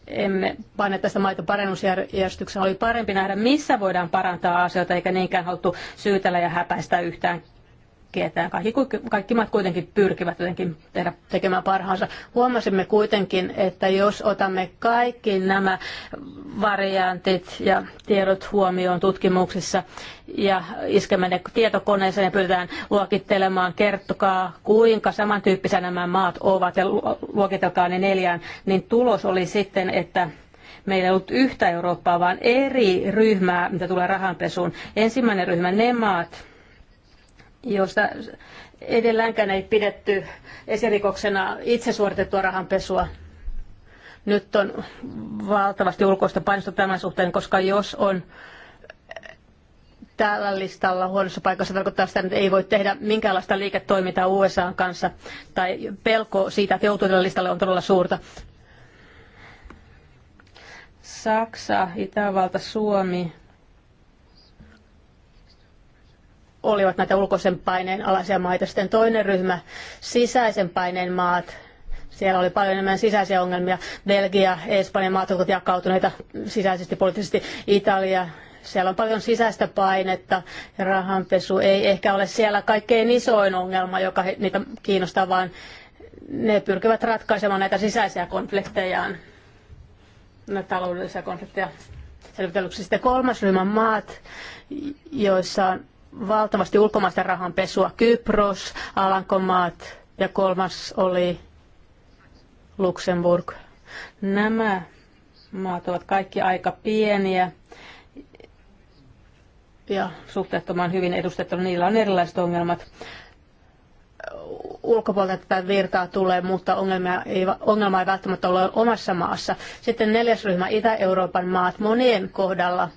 Emme paine tästä maita parannusjärjestyksen. Oli parempi nähdä, missä voidaan parantaa asioita, eikä niinkään haluttu syytellä ja häpäistä yhtään ketään. Kaikki, kaikki maat kuitenkin pyrkivät jotenkin tehdä, tekemään parhaansa. Huomasimme kuitenkin, että jos otamme kaikki nämä variantit ja tiedot huomioon tutkimuksissa ja iskemme ne tietokoneeseen ja pyritään luokittelemaan, kertokaa kuinka samantyyppisiä nämä maat ovat ja luokitelkaa ne neljään, niin tulos oli sitten, että meillä ei ollut yhtä Eurooppaa, vaan eri ryhmää, mitä tulee rahanpesuun. Ensimmäinen ryhmä, ne maat, josta edelläänkään ei pidetty esirikoksena itse suoritettua rahanpesua. Nyt on valtavasti ulkoista painosta tämän suhteen, koska jos on tällä listalla huonossa paikassa tarkoittaa sitä, että ei voi tehdä minkäänlaista liiketoimintaa USA kanssa. Tai pelko siitä, että joutuu tällä listalle on todella suurta. Saksa, Itävalta, Suomi, olivat näitä ulkoisen paineen alaisia maita. Sitten toinen ryhmä, sisäisen paineen maat, siellä oli paljon enemmän sisäisiä ongelmia. Belgia, Espanja maat ovat jakautuneita sisäisesti, poliittisesti. Italia, siellä on paljon sisäistä painetta ja rahanpesu ei ehkä ole siellä kaikkein isoin ongelma, joka niitä kiinnostaa, vaan ne pyrkivät ratkaisemaan näitä sisäisiä konfliktejaan, näitä taloudellisia konflikteja Sitten kolmas ryhmä maat, joissa on valtavasti ulkomaista rahanpesua. Kypros, Alankomaat ja kolmas oli Luxemburg. Nämä maat ovat kaikki aika pieniä ja suhteettoman hyvin edustettuna. Niillä on erilaiset ongelmat. Ulkopuolelta tätä virtaa tulee, mutta ongelma ei, ongelma ei välttämättä ole omassa maassa. Sitten neljäs ryhmä, Itä-Euroopan maat. Monien kohdalla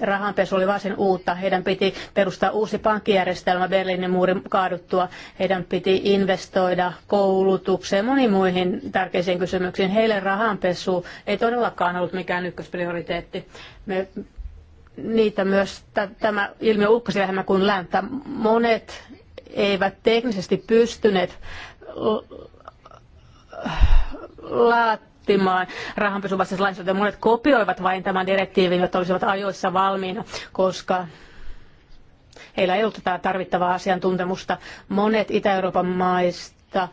Rahanpesu oli varsin uutta. Heidän piti perustaa uusi pankkijärjestelmä Berliinin muurin kaaduttua. Heidän piti investoida koulutukseen, moniin muihin tärkeisiin kysymyksiin. Heille rahanpesu ei todellakaan ollut mikään ykkösprioriteetti. Me niitä myös tämä ilmiö uhkasi vähemmän kuin länttä. Monet eivät teknisesti pystyneet laat pohtimaan rahanpesuvastaisessa lainsäädäntöä. Monet kopioivat vain tämän direktiivin, jotta olisivat ajoissa valmiina, koska heillä ei ollut tätä tarvittavaa asiantuntemusta. Monet Itä-Euroopan maista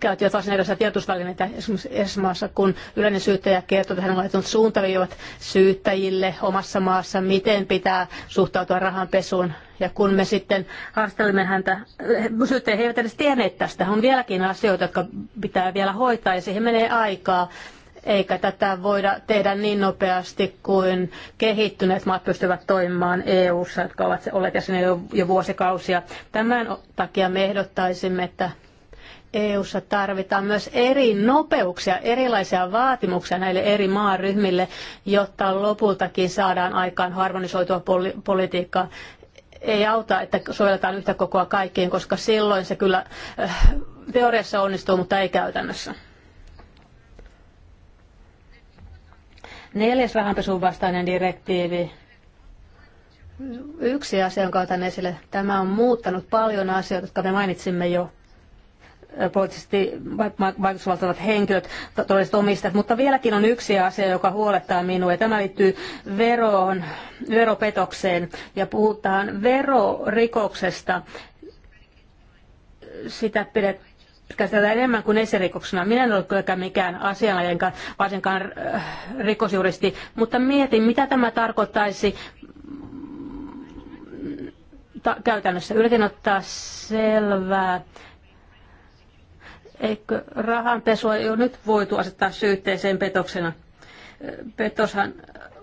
käyttivät varsin erilaisia tiedotusvälineitä esimerkiksi maassa, kun yleinen syyttäjä kertoi, että hän on laittanut suuntaviivat syyttäjille omassa maassa, miten pitää suhtautua rahanpesuun. Ja kun me sitten haastelimme häntä, syyttäjä he eivät edes tienneet tästä. On vieläkin asioita, jotka pitää vielä hoitaa ja siihen menee aikaa. Eikä tätä voida tehdä niin nopeasti kuin kehittyneet maat pystyvät toimimaan EU-ssa, jotka ovat olleet jäseniä jo, jo vuosikausia. Tämän takia me ehdottaisimme, että EU:ssa tarvitaan myös eri nopeuksia, erilaisia vaatimuksia näille eri maaryhmille, jotta lopultakin saadaan aikaan harmonisoitua poli- politiikkaa. Ei auta, että sovelletaan yhtä kokoa kaikkiin, koska silloin se kyllä äh, teoriassa onnistuu, mutta ei käytännössä. Neljäs rahanpesun vastainen direktiivi. Yksi asia, jonka otan esille. Tämä on muuttanut paljon asioita, jotka me mainitsimme jo poliittisesti vaikutusvaltavat henkilöt, todelliset omistajat. Mutta vieläkin on yksi asia, joka huolettaa minua, ja tämä liittyy veroon, veropetokseen, ja puhutaan verorikoksesta. Sitä pidetään käsitellään enemmän kuin esirikoksena. Minä en ole kylläkään mikään asianajan enkä varsinkaan äh, rikosjuristi, mutta mietin, mitä tämä tarkoittaisi mm, ta- käytännössä. Yritin ottaa selvää Eikö rahanpesua jo nyt voitu asettaa syytteeseen petoksena? Petoshan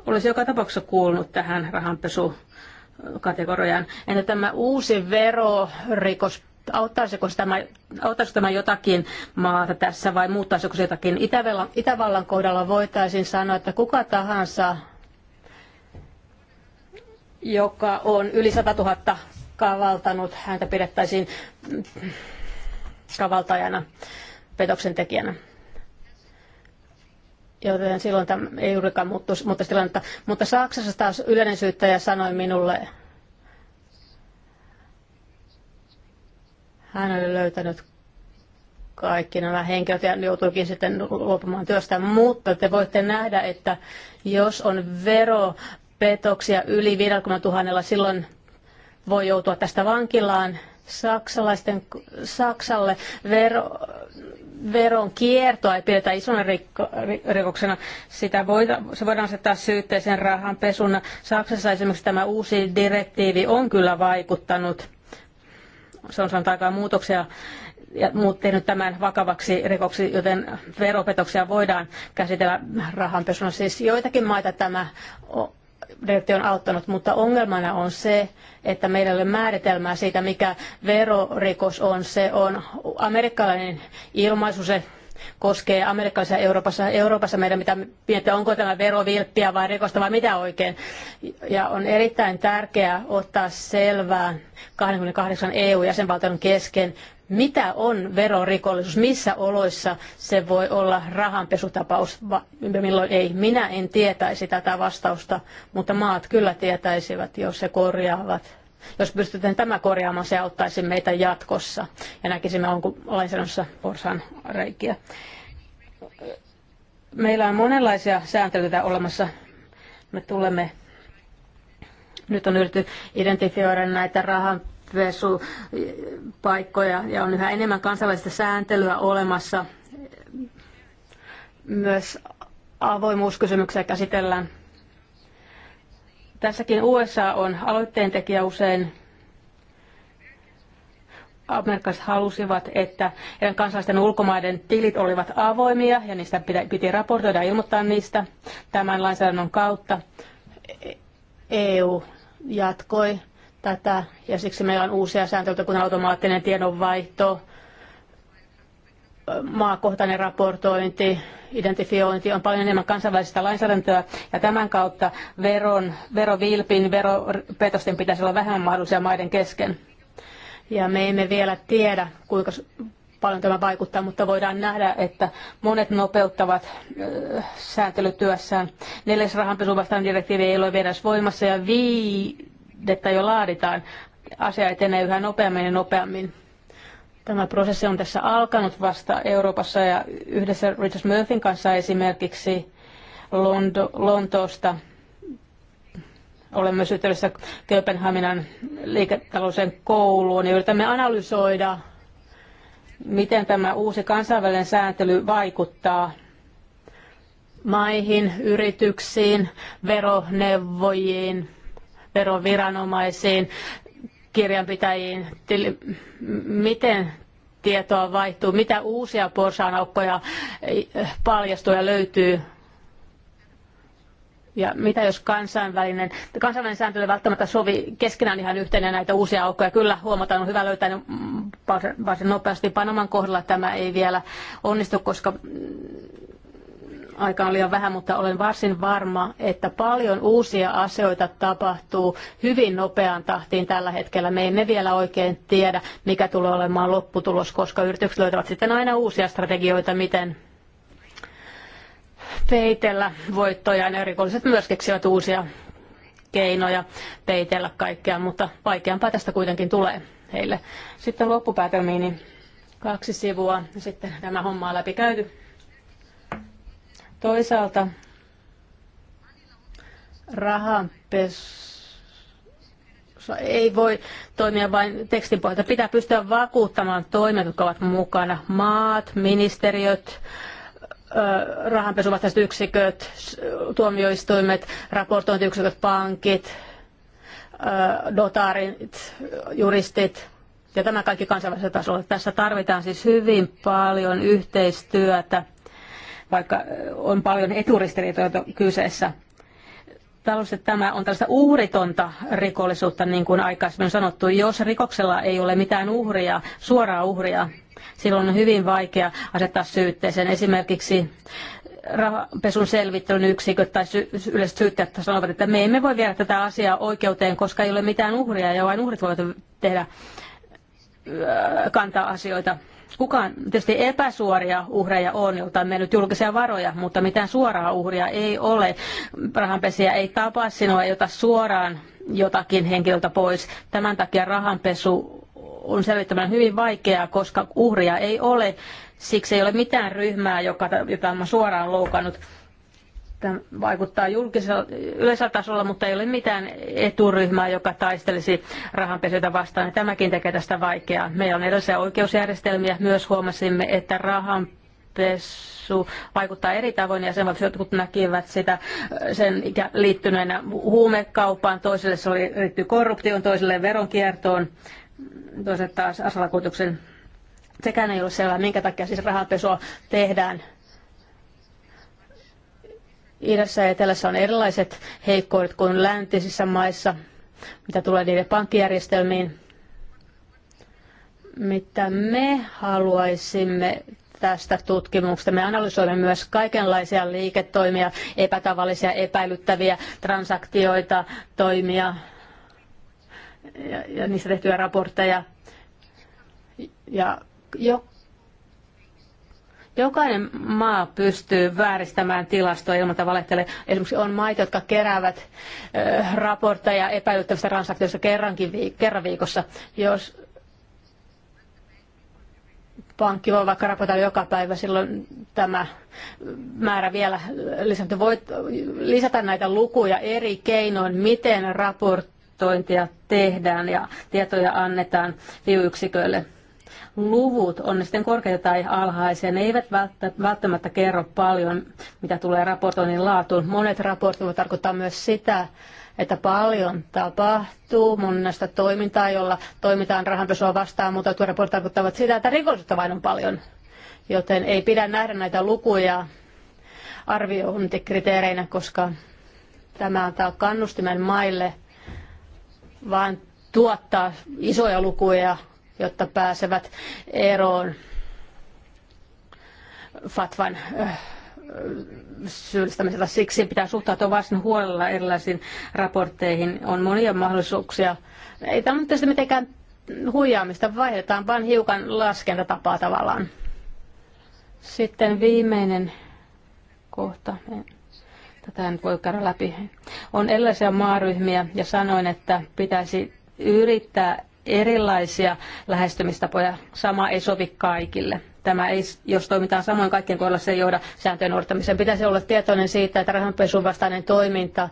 olisi joka tapauksessa kuulunut tähän rahanpesukategoriaan. Entä tämä uusi verorikos auttaisiko tämä, auttaisiko tämä jotakin maata tässä vai muuttaisiko se jotakin? Itävallan, Itävallan kohdalla voitaisiin sanoa, että kuka tahansa, joka on yli 100 000 kavaltanut, häntä pidettäisiin kavaltajana, petoksen tekijänä. Joten silloin tämä ei juurikaan muuttuisi, muuttuisi tilannetta. Mutta Saksassa taas yleinen syyttäjä sanoi minulle, hän oli löytänyt kaikki nämä henkilöt ja joutuikin sitten luopumaan työstä. Mutta te voitte nähdä, että jos on veropetoksia yli 50 000, silloin voi joutua tästä vankilaan saksalaisten, Saksalle vero, veron kiertoa ei pidetä isona rikko, rikoksena. Sitä voida, se voidaan asettaa syytteeseen rahan pesuna. Saksassa esimerkiksi tämä uusi direktiivi on kyllä vaikuttanut. Se on saanut aikaan muutoksia ja muut tehnyt tämän vakavaksi rikoksi, joten veropetoksia voidaan käsitellä rahanpesuna. Siis joitakin maita tämä direktio on auttanut, mutta ongelmana on se, että meillä ei ole määritelmää siitä, mikä verorikos on. Se on amerikkalainen ilmaisu, se koskee amerikkalaisessa Euroopassa. Euroopassa meidän pitää miettiä, onko tämä verovilppiä vai rikosta vai mitä oikein. Ja on erittäin tärkeää ottaa selvää 28 EU-jäsenvaltion kesken, mitä on verorikollisuus, missä oloissa se voi olla rahanpesutapaus, milloin ei. Minä en tietäisi tätä vastausta, mutta maat kyllä tietäisivät, jos se korjaavat jos pystytään tämä korjaamaan, se auttaisi meitä jatkossa ja näkisimme, onko lainsäädännössä porsan reikiä. Meillä on monenlaisia sääntelyitä olemassa. Me tulemme, nyt on yritetty identifioida näitä rahan paikkoja ja on yhä enemmän kansainvälistä sääntelyä olemassa. Myös avoimuuskysymyksiä käsitellään Tässäkin USA on aloitteen tekijä usein. Amerikkalaiset halusivat, että heidän kansalaisten ulkomaiden tilit olivat avoimia ja niistä piti raportoida ja ilmoittaa niistä tämän lainsäädännön kautta. EU e jatkoi tätä ja siksi meillä on uusia sääntöjä, kuten automaattinen tiedonvaihto, maakohtainen raportointi, identifiointi on paljon enemmän kansainvälistä lainsäädäntöä ja tämän kautta veron, verovilpin, veropetosten pitäisi olla vähemmän mahdollisia maiden kesken. Ja me emme vielä tiedä, kuinka paljon tämä vaikuttaa, mutta voidaan nähdä, että monet nopeuttavat sääntelytyössään. Neljäs rahanpesun vastaan direktiivi ei ole vielä voimassa ja viidettä jo laaditaan. Asia etenee yhä nopeammin ja nopeammin Tämä prosessi on tässä alkanut vasta Euroopassa ja yhdessä Richard Murphyn kanssa esimerkiksi Lonto- Lontoosta olemme myös Kööpenhaminan liiketalousen kouluun ja yritämme analysoida, miten tämä uusi kansainvälinen sääntely vaikuttaa maihin, yrityksiin, veroneuvojiin, veroviranomaisiin, kirjanpitäjiin, miten tietoa vaihtuu, mitä uusia porsaanaukkoja eh, paljastuu ja löytyy ja mitä jos kansainvälinen, kansainvälinen sääntely ei välttämättä sovi keskenään ihan yhteen ja näitä uusia aukkoja kyllä huomataan, on hyvä löytää ne varsin nopeasti. Panaman kohdalla tämä ei vielä onnistu, koska aika on liian vähän, mutta olen varsin varma, että paljon uusia asioita tapahtuu hyvin nopeaan tahtiin tällä hetkellä. Me emme vielä oikein tiedä, mikä tulee olemaan lopputulos, koska yritykset löytävät sitten aina uusia strategioita, miten peitellä voittoja, ja rikolliset myös keksivät uusia keinoja peitellä kaikkea, mutta vaikeampaa tästä kuitenkin tulee heille. Sitten loppupäätelmiin niin kaksi sivua ja sitten tämä homma on läpi käyty. Toisaalta rahanpesu ei voi toimia vain tekstin pohjalta. Pitää pystyä vakuuttamaan toimet, jotka ovat mukana. Maat, ministeriöt, rahanpesuvastaiset yksiköt, tuomioistuimet, raportointiyksiköt, pankit, notaarit, juristit ja tämä kaikki kansainvälisellä tasolla. Tässä tarvitaan siis hyvin paljon yhteistyötä vaikka on paljon eturistiriitoja kyseessä. Taloudellisesti tämä on tällaista uhritonta rikollisuutta, niin kuin aikaisemmin on sanottu. Jos rikoksella ei ole mitään uhria, suoraa uhria, silloin on hyvin vaikea asettaa syytteeseen. Esimerkiksi rahapesun selvittelyn yksiköt tai sy- yleiset syyttäjät sanovat, että me emme voi viedä tätä asiaa oikeuteen, koska ei ole mitään uhria ja vain uhrit voivat tehdä kantaa asioita kukaan tietysti epäsuoria uhreja on, jolta on mennyt julkisia varoja, mutta mitään suoraa uhria ei ole. Rahanpesiä ei tapa sinua, ei ota suoraan jotakin henkilöltä pois. Tämän takia rahanpesu on selvittämään hyvin vaikeaa, koska uhria ei ole. Siksi ei ole mitään ryhmää, joka, jota on suoraan loukannut että vaikuttaa julkisella, yleisellä tasolla, mutta ei ole mitään eturyhmää, joka taistelisi rahanpesytä vastaan. Tämäkin tekee tästä vaikeaa. Meillä on erilaisia oikeusjärjestelmiä. Myös huomasimme, että rahanpesu vaikuttaa eri tavoin ja sen jotkut näkivät sitä sen liittyneenä huumekauppaan. Toiselle se oli, liittyy korruptioon, toiselle veronkiertoon, toiselle taas asalakuutuksen. sekään ei ole selvää, minkä takia siis rahanpesua tehdään Idässä ja Etelässä on erilaiset heikkoudet kuin läntisissä maissa, mitä tulee niiden pankkijärjestelmiin. Mitä me haluaisimme tästä tutkimuksesta. Me analysoimme myös kaikenlaisia liiketoimia, epätavallisia, epäilyttäviä transaktioita, toimia ja, ja niistä tehtyjä raportteja. Ja jo Jokainen maa pystyy vääristämään tilastoa ilman, että valehtelee. Esimerkiksi on maita, jotka keräävät raportteja epäilyttävistä transaktioista kerrankin, kerran viikossa. Jos pankki voi vaikka raportoida joka päivä, silloin tämä määrä vielä lisääntyy. Voit lisätä näitä lukuja eri keinoin, miten raportointia tehdään ja tietoja annetaan liuyksiköille luvut on ne sitten korkeita tai alhaisia, ne eivät välttämättä kerro paljon, mitä tulee raportoinnin laatuun. Monet raportoinnit tarkoittaa myös sitä, että paljon tapahtuu, monesta toimintaa, jolla toimitaan rahanpesua vastaan, mutta raportti tarkoittavat sitä, että rikollisuutta vain on paljon. Joten ei pidä nähdä näitä lukuja arviointikriteereinä, koska tämä antaa kannustimen maille vaan tuottaa isoja lukuja jotta pääsevät eroon fatvan äh, syyllistämisellä. Siksi pitää suhtautua varsin huolella erilaisiin raportteihin. On monia mahdollisuuksia. Ei tämä nyt tietysti mitenkään huijaamista, vaihdetaan vain hiukan laskentatapaa tavallaan. Sitten viimeinen kohta. Tätä en voi käydä läpi. On erilaisia maaryhmiä ja sanoin, että pitäisi yrittää erilaisia lähestymistapoja. Sama ei sovi kaikille. Tämä ei, jos toimitaan samoin kaikkien kohdalla, se ei johda sääntöjen noudattamiseen. Pitäisi olla tietoinen siitä, että rahanpesun vastainen toiminta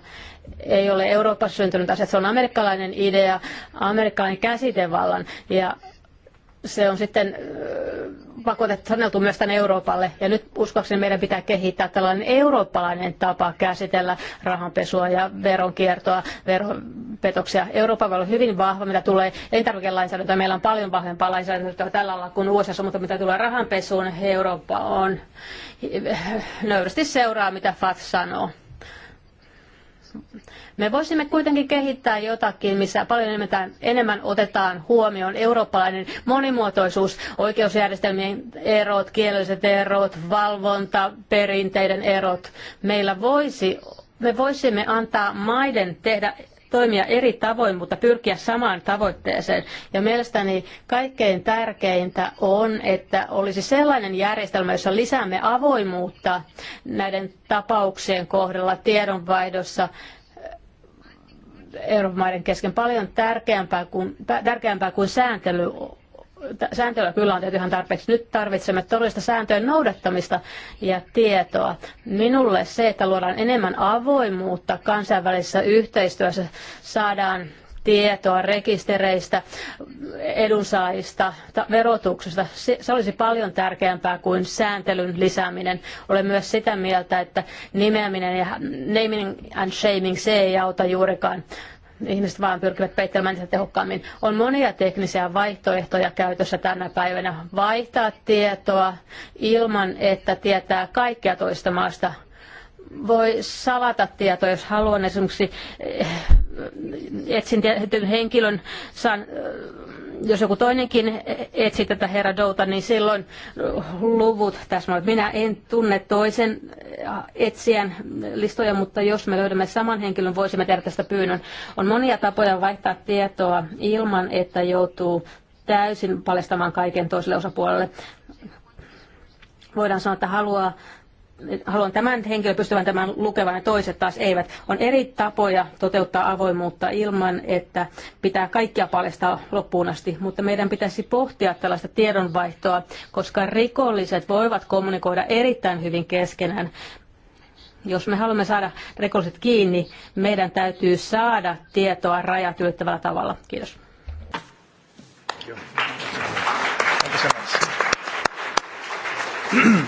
ei ole Euroopassa syntynyt asia. Se on amerikkalainen idea, amerikkalainen käsitevallan. Ja se on sitten pakotettu saneltu myös tänne Euroopalle. Ja nyt uskoakseni meidän pitää kehittää tällainen eurooppalainen tapa käsitellä rahanpesua ja veronkiertoa, veropetoksia. Euroopan voi olla hyvin vahva, mitä tulee elintarvikelainsäädäntöä. Meillä on paljon vahvempaa lainsäädäntöä tällä alalla kuin USA, mutta mitä tulee rahanpesuun, Eurooppa on nöyrästi seuraa, mitä FAT sanoo. Me voisimme kuitenkin kehittää jotakin, missä paljon enemmän, enemmän otetaan huomioon eurooppalainen monimuotoisuus, oikeusjärjestelmien erot, kielelliset erot, valvonta, perinteiden erot. Meillä voisi me voisimme antaa maiden tehdä toimia eri tavoin, mutta pyrkiä samaan tavoitteeseen. Ja mielestäni kaikkein tärkeintä on, että olisi sellainen järjestelmä, jossa lisäämme avoimuutta näiden tapauksien kohdalla tiedonvaihdossa, Euroopan maiden kesken paljon tärkeämpää kuin, tärkeämpää kuin sääntely sääntelyä kyllä on tehty ihan tarpeeksi. Nyt tarvitsemme todellista sääntöjen noudattamista ja tietoa. Minulle se, että luodaan enemmän avoimuutta kansainvälisessä yhteistyössä, saadaan tietoa rekistereistä, edunsaajista, verotuksesta. Se, se olisi paljon tärkeämpää kuin sääntelyn lisääminen. Olen myös sitä mieltä, että nimeäminen ja naming and shaming, se ei auta juurikaan ihmiset vaan pyrkivät peittelemään niitä tehokkaammin. On monia teknisiä vaihtoehtoja käytössä tänä päivänä vaihtaa tietoa ilman, että tietää kaikkea toista maasta. Voi salata tietoa, jos haluan esimerkiksi eh, eh, etsin henkilön, saan eh, jos joku toinenkin etsi tätä herra Douta, niin silloin luvut täsmälleen. Minä en tunne toisen etsijän listoja, mutta jos me löydämme saman henkilön, voisimme tehdä tästä pyynnön. On monia tapoja vaihtaa tietoa ilman, että joutuu täysin paljastamaan kaiken toiselle osapuolelle. Voidaan sanoa, että haluaa haluan tämän henkilön pystyvän tämän lukevan ja toiset taas eivät. On eri tapoja toteuttaa avoimuutta ilman, että pitää kaikkia paljastaa loppuun asti, mutta meidän pitäisi pohtia tällaista tiedonvaihtoa, koska rikolliset voivat kommunikoida erittäin hyvin keskenään. Jos me haluamme saada rikolliset kiinni, meidän täytyy saada tietoa rajat ylittävällä tavalla. Kiitos. Kiitos.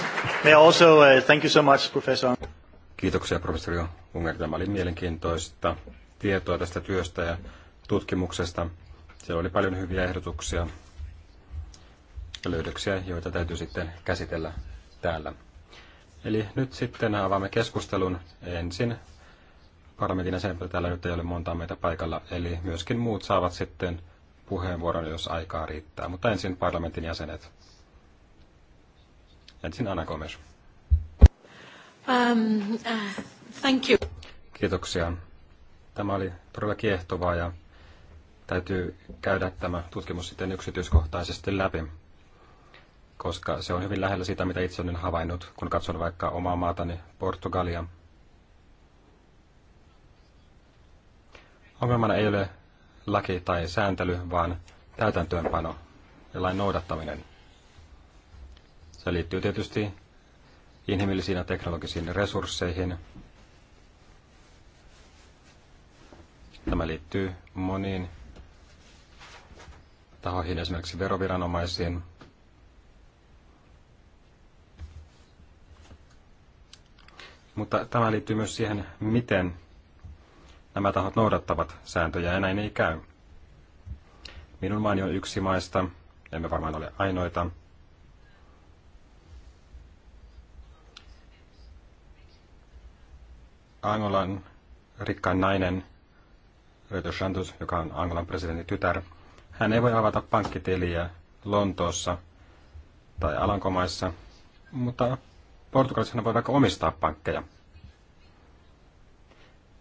also, uh, thank you so much, professor. Kiitoksia professori Unger. Tämä oli mielenkiintoista tietoa tästä työstä ja tutkimuksesta. Siellä oli paljon hyviä ehdotuksia ja löydöksiä, joita täytyy sitten käsitellä täällä. Eli nyt sitten avaamme keskustelun ensin. Parlamentin jäsenpä täällä nyt ei ole monta meitä paikalla, eli myöskin muut saavat sitten puheenvuoron, jos aikaa riittää. Mutta ensin parlamentin jäsenet. Ensin Anna Gomes. Um, uh, thank you. Kiitoksia. Tämä oli todella kiehtovaa ja täytyy käydä tämä tutkimus sitten yksityiskohtaisesti läpi, koska se on hyvin lähellä sitä, mitä itse olen havainnut, kun katson vaikka omaa maatani Portugalia. Ongelmana ei ole laki tai sääntely, vaan täytäntöönpano ja lain noudattaminen. Se liittyy tietysti inhimillisiin ja teknologisiin resursseihin. Tämä liittyy moniin tahoihin, esimerkiksi veroviranomaisiin. Mutta tämä liittyy myös siihen, miten nämä tahot noudattavat sääntöjä, ja näin ei käy. Minun maani on yksi maista, emme varmaan ole ainoita, Angolan rikkain nainen, Röto Shantus, joka on Angolan presidentin tytär, hän ei voi avata pankkitiliä Lontoossa tai Alankomaissa, mutta Portugalissa hän voi vaikka omistaa pankkeja.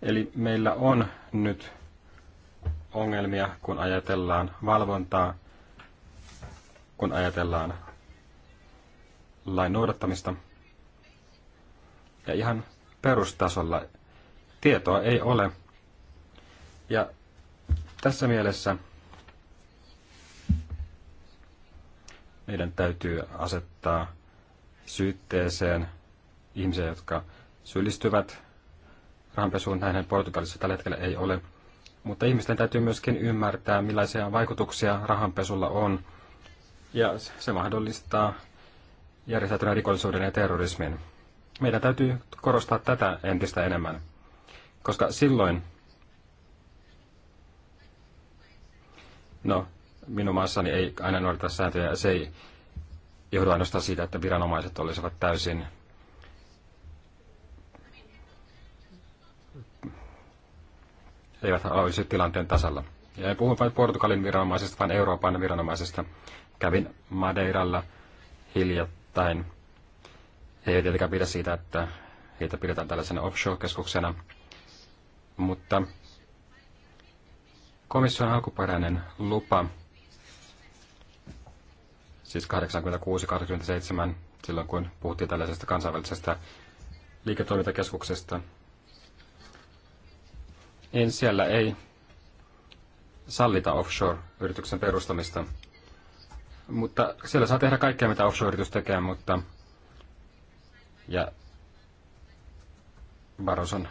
Eli meillä on nyt ongelmia, kun ajatellaan valvontaa, kun ajatellaan lain noudattamista. Ja ihan perustasolla. Tietoa ei ole. Ja tässä mielessä meidän täytyy asettaa syytteeseen ihmisiä, jotka syyllistyvät rahanpesuun. Näinhän Portugalissa tällä hetkellä ei ole. Mutta ihmisten täytyy myöskin ymmärtää, millaisia vaikutuksia rahanpesulla on. Ja se mahdollistaa järjestäytyneen rikollisuuden ja terrorismin. Meidän täytyy korostaa tätä entistä enemmän, koska silloin, no minun maassani ei aina noudata sääntöjä, se ei johdu ainoastaan siitä, että viranomaiset olisivat täysin eivät olisi tilanteen tasalla. Ja en puhu vain Portugalin viranomaisista, vaan Euroopan viranomaisista. Kävin Madeiralla hiljattain he ei tietenkään pidä siitä, että heitä pidetään tällaisena offshore-keskuksena, mutta komission alkuperäinen lupa, siis 86-87, silloin kun puhuttiin tällaisesta kansainvälisestä liiketoimintakeskuksesta, niin siellä ei sallita offshore-yrityksen perustamista. Mutta siellä saa tehdä kaikkea, mitä offshore-yritys tekee, mutta ja Baroson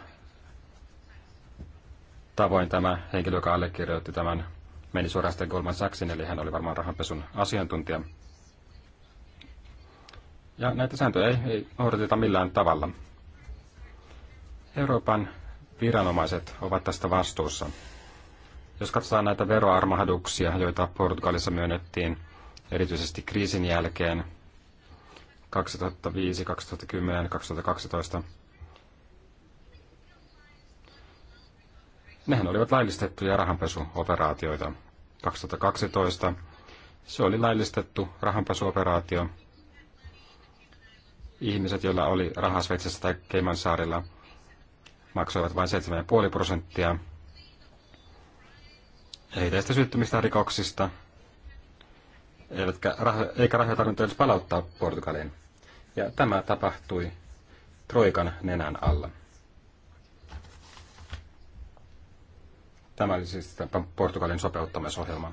tavoin tämä henkilö, joka allekirjoitti tämän, meni suoraan sitten Goldman Sachsin, eli hän oli varmaan rahanpesun asiantuntija. Ja näitä sääntöjä ei, ei noudateta millään tavalla. Euroopan viranomaiset ovat tästä vastuussa. Jos katsotaan näitä veroarmahduksia, joita Portugalissa myönnettiin erityisesti kriisin jälkeen 2005, 2010, 2012. Nehän olivat laillistettuja rahanpesuoperaatioita. 2012 se oli laillistettu rahanpesuoperaatio. Ihmiset, joilla oli rahaa Sveitsissä tai Keimansaarilla, maksoivat vain 7,5 prosenttia. Ei tästä syyttymistä rikoksista, eikä rahoja tarvinnut edes palauttaa Portugaliin. Ja tämä tapahtui Troikan nenän alla. Tämä oli siis Portugalin sopeuttamisohjelma.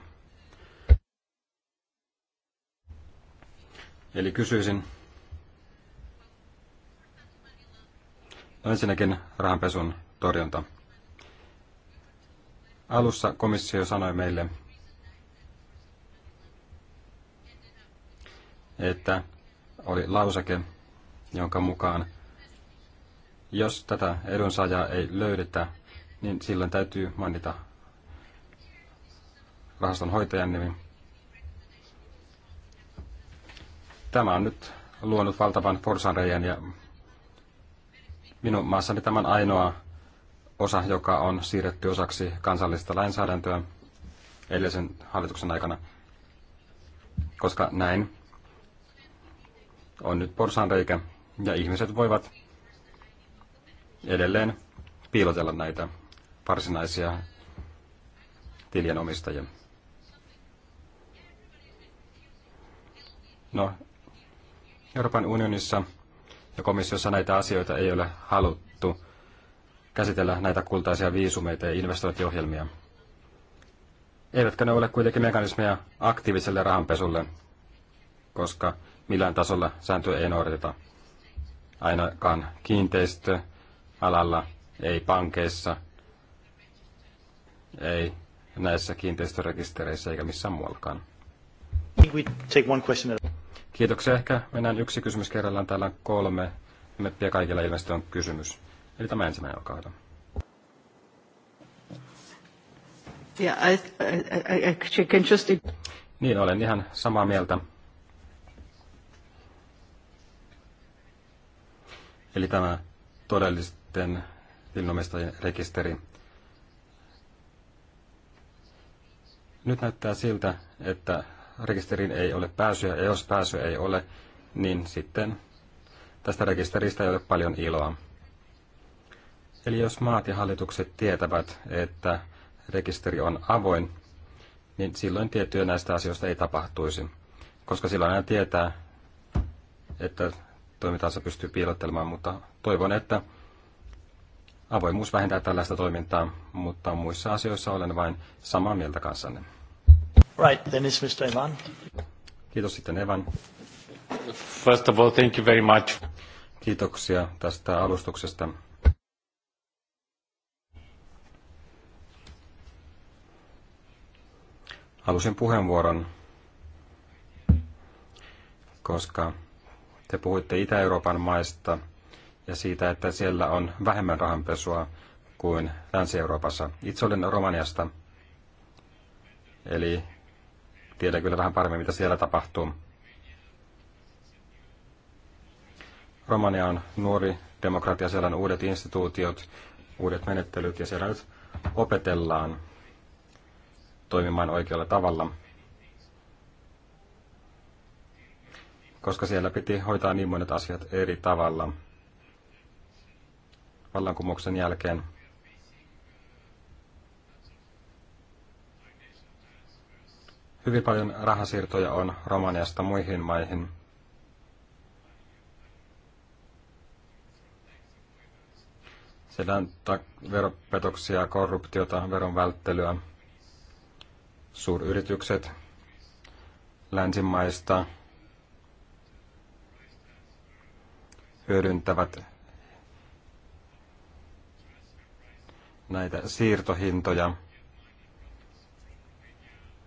Eli kysyisin, no ensinnäkin rahanpesun torjunta. Alussa komissio sanoi meille, että oli lausake, jonka mukaan jos tätä edunsaajaa ei löydetä, niin silloin täytyy mainita rahaston hoitajan nimi. Tämä on nyt luonut valtavan porsanreijän ja minun maassani tämän ainoa osa, joka on siirretty osaksi kansallista lainsäädäntöä edellisen hallituksen aikana, koska näin on nyt porsaanreikä ja ihmiset voivat edelleen piilotella näitä varsinaisia tilien omistajia. No, Euroopan unionissa ja komissiossa näitä asioita ei ole haluttu käsitellä näitä kultaisia viisumeita ja investointiohjelmia. Eivätkä ne ole kuitenkin mekanismeja aktiiviselle rahanpesulle, koska millään tasolla sääntöä ei noudateta. Ainakaan kiinteistöalalla, ei pankeissa, ei näissä kiinteistörekistereissä eikä missään muuallakaan. Kiitoksia. Ehkä mennään yksi kysymys kerrallaan. Täällä on kolme meppiä kaikilla ilmeisesti on kysymys. Eli tämä ensimmäinen, olkaa hyvä. Yeah, I, I, I, I I, I, Niin, olen ihan samaa mieltä. Eli tämä todellisten tilinomistajien rekisteri. Nyt näyttää siltä, että rekisteriin ei ole pääsyä, ja jos pääsy ei ole, niin sitten tästä rekisteristä ei ole paljon iloa. Eli jos maat ja hallitukset tietävät, että rekisteri on avoin, niin silloin tiettyjä näistä asioista ei tapahtuisi, koska silloin aina tietää, että toimintaansa pystyy piilottelemaan, mutta toivon, että avoimuus vähentää tällaista toimintaa, mutta muissa asioissa olen vain samaa mieltä kanssanne. Right, then is Mr. Evan. Kiitos sitten Evan. First of all, thank you very much. Kiitoksia tästä alustuksesta. Halusin puheenvuoron, koska te puhuitte Itä-Euroopan maista ja siitä, että siellä on vähemmän rahanpesua kuin Länsi-Euroopassa. Itse olen Romaniasta, eli tiedän kyllä vähän paremmin, mitä siellä tapahtuu. Romania on nuori demokratia, siellä on uudet instituutiot, uudet menettelyt ja siellä nyt opetellaan toimimaan oikealla tavalla. koska siellä piti hoitaa niin monet asiat eri tavalla vallankumouksen jälkeen. Hyvin paljon rahasiirtoja on Romaniasta muihin maihin. Siellä on veropetoksia, korruptiota, veron välttelyä. Suuryritykset länsimaista hyödyntävät näitä siirtohintoja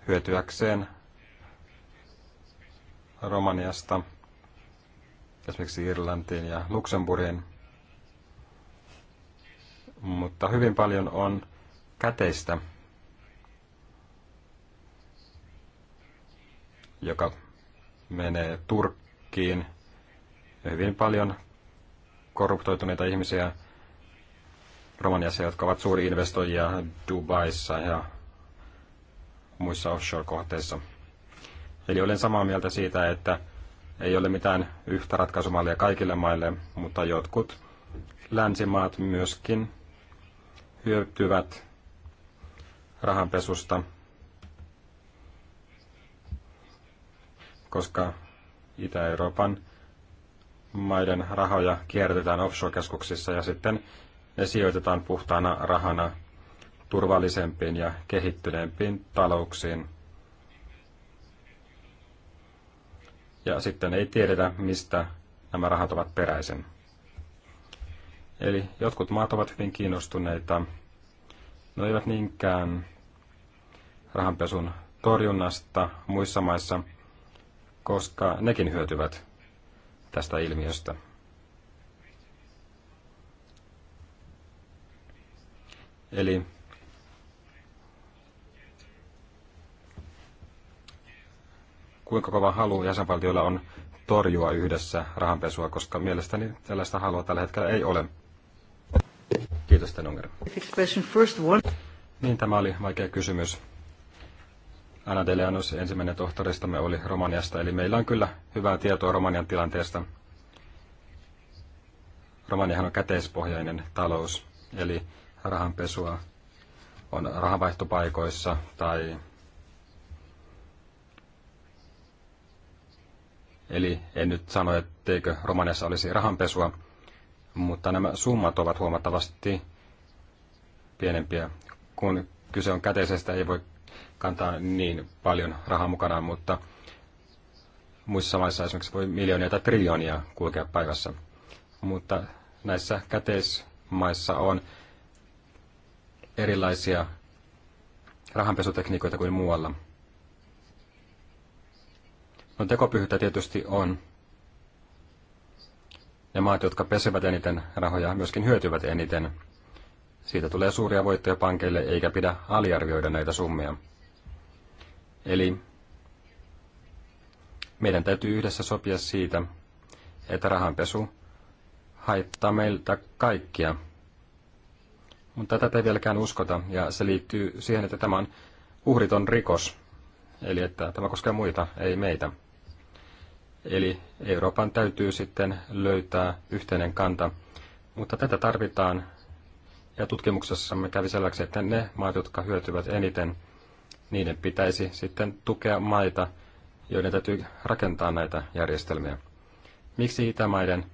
hyötyäkseen Romaniasta, esimerkiksi Irlantiin ja Luxemburgiin. Mutta hyvin paljon on käteistä, joka menee Turkkiin. Ja hyvin paljon korruptoituneita ihmisiä Romaniassa, jotka ovat suuri investoijia Dubaissa ja muissa offshore-kohteissa. Eli olen samaa mieltä siitä, että ei ole mitään yhtä ratkaisumallia kaikille maille, mutta jotkut länsimaat myöskin hyötyvät rahanpesusta, koska Itä-Euroopan maiden rahoja kierrätetään offshore-keskuksissa ja sitten ne sijoitetaan puhtaana rahana turvallisempiin ja kehittyneempiin talouksiin. Ja sitten ei tiedetä, mistä nämä rahat ovat peräisin. Eli jotkut maat ovat hyvin kiinnostuneita. Ne eivät niinkään rahanpesun torjunnasta muissa maissa, koska nekin hyötyvät tästä ilmiöstä. Eli kuinka kova halu jäsenvaltioilla on torjua yhdessä rahanpesua, koska mielestäni tällaista halua tällä hetkellä ei ole. Kiitos, Tenonger. Niin, tämä oli vaikea kysymys. Anna Deleanus, ensimmäinen tohtoristamme, oli Romaniasta, eli meillä on kyllä hyvää tietoa Romanian tilanteesta. Romaniahan on käteispohjainen talous, eli rahanpesua on rahavaihtopaikoissa tai Eli en nyt sano, etteikö Romaniassa olisi rahanpesua, mutta nämä summat ovat huomattavasti pienempiä. Kun kyse on käteisestä, ei voi kantaa niin paljon rahaa mukanaan, mutta muissa maissa esimerkiksi voi miljoonia tai triljoonia kulkea päivässä. Mutta näissä käteismaissa on erilaisia rahanpesutekniikoita kuin muualla. No tekopyhyyttä tietysti on. Ne maat, jotka pesevät eniten rahoja, myöskin hyötyvät eniten. Siitä tulee suuria voittoja pankeille, eikä pidä aliarvioida näitä summia. Eli meidän täytyy yhdessä sopia siitä, että rahanpesu haittaa meiltä kaikkia. Mutta tätä ei vieläkään uskota, ja se liittyy siihen, että tämä on uhriton rikos, eli että tämä koskee muita, ei meitä. Eli Euroopan täytyy sitten löytää yhteinen kanta, mutta tätä tarvitaan, ja tutkimuksessamme kävi selväksi, että ne maat, jotka hyötyvät eniten – niiden pitäisi sitten tukea maita, joiden täytyy rakentaa näitä järjestelmiä. Miksi Itämaiden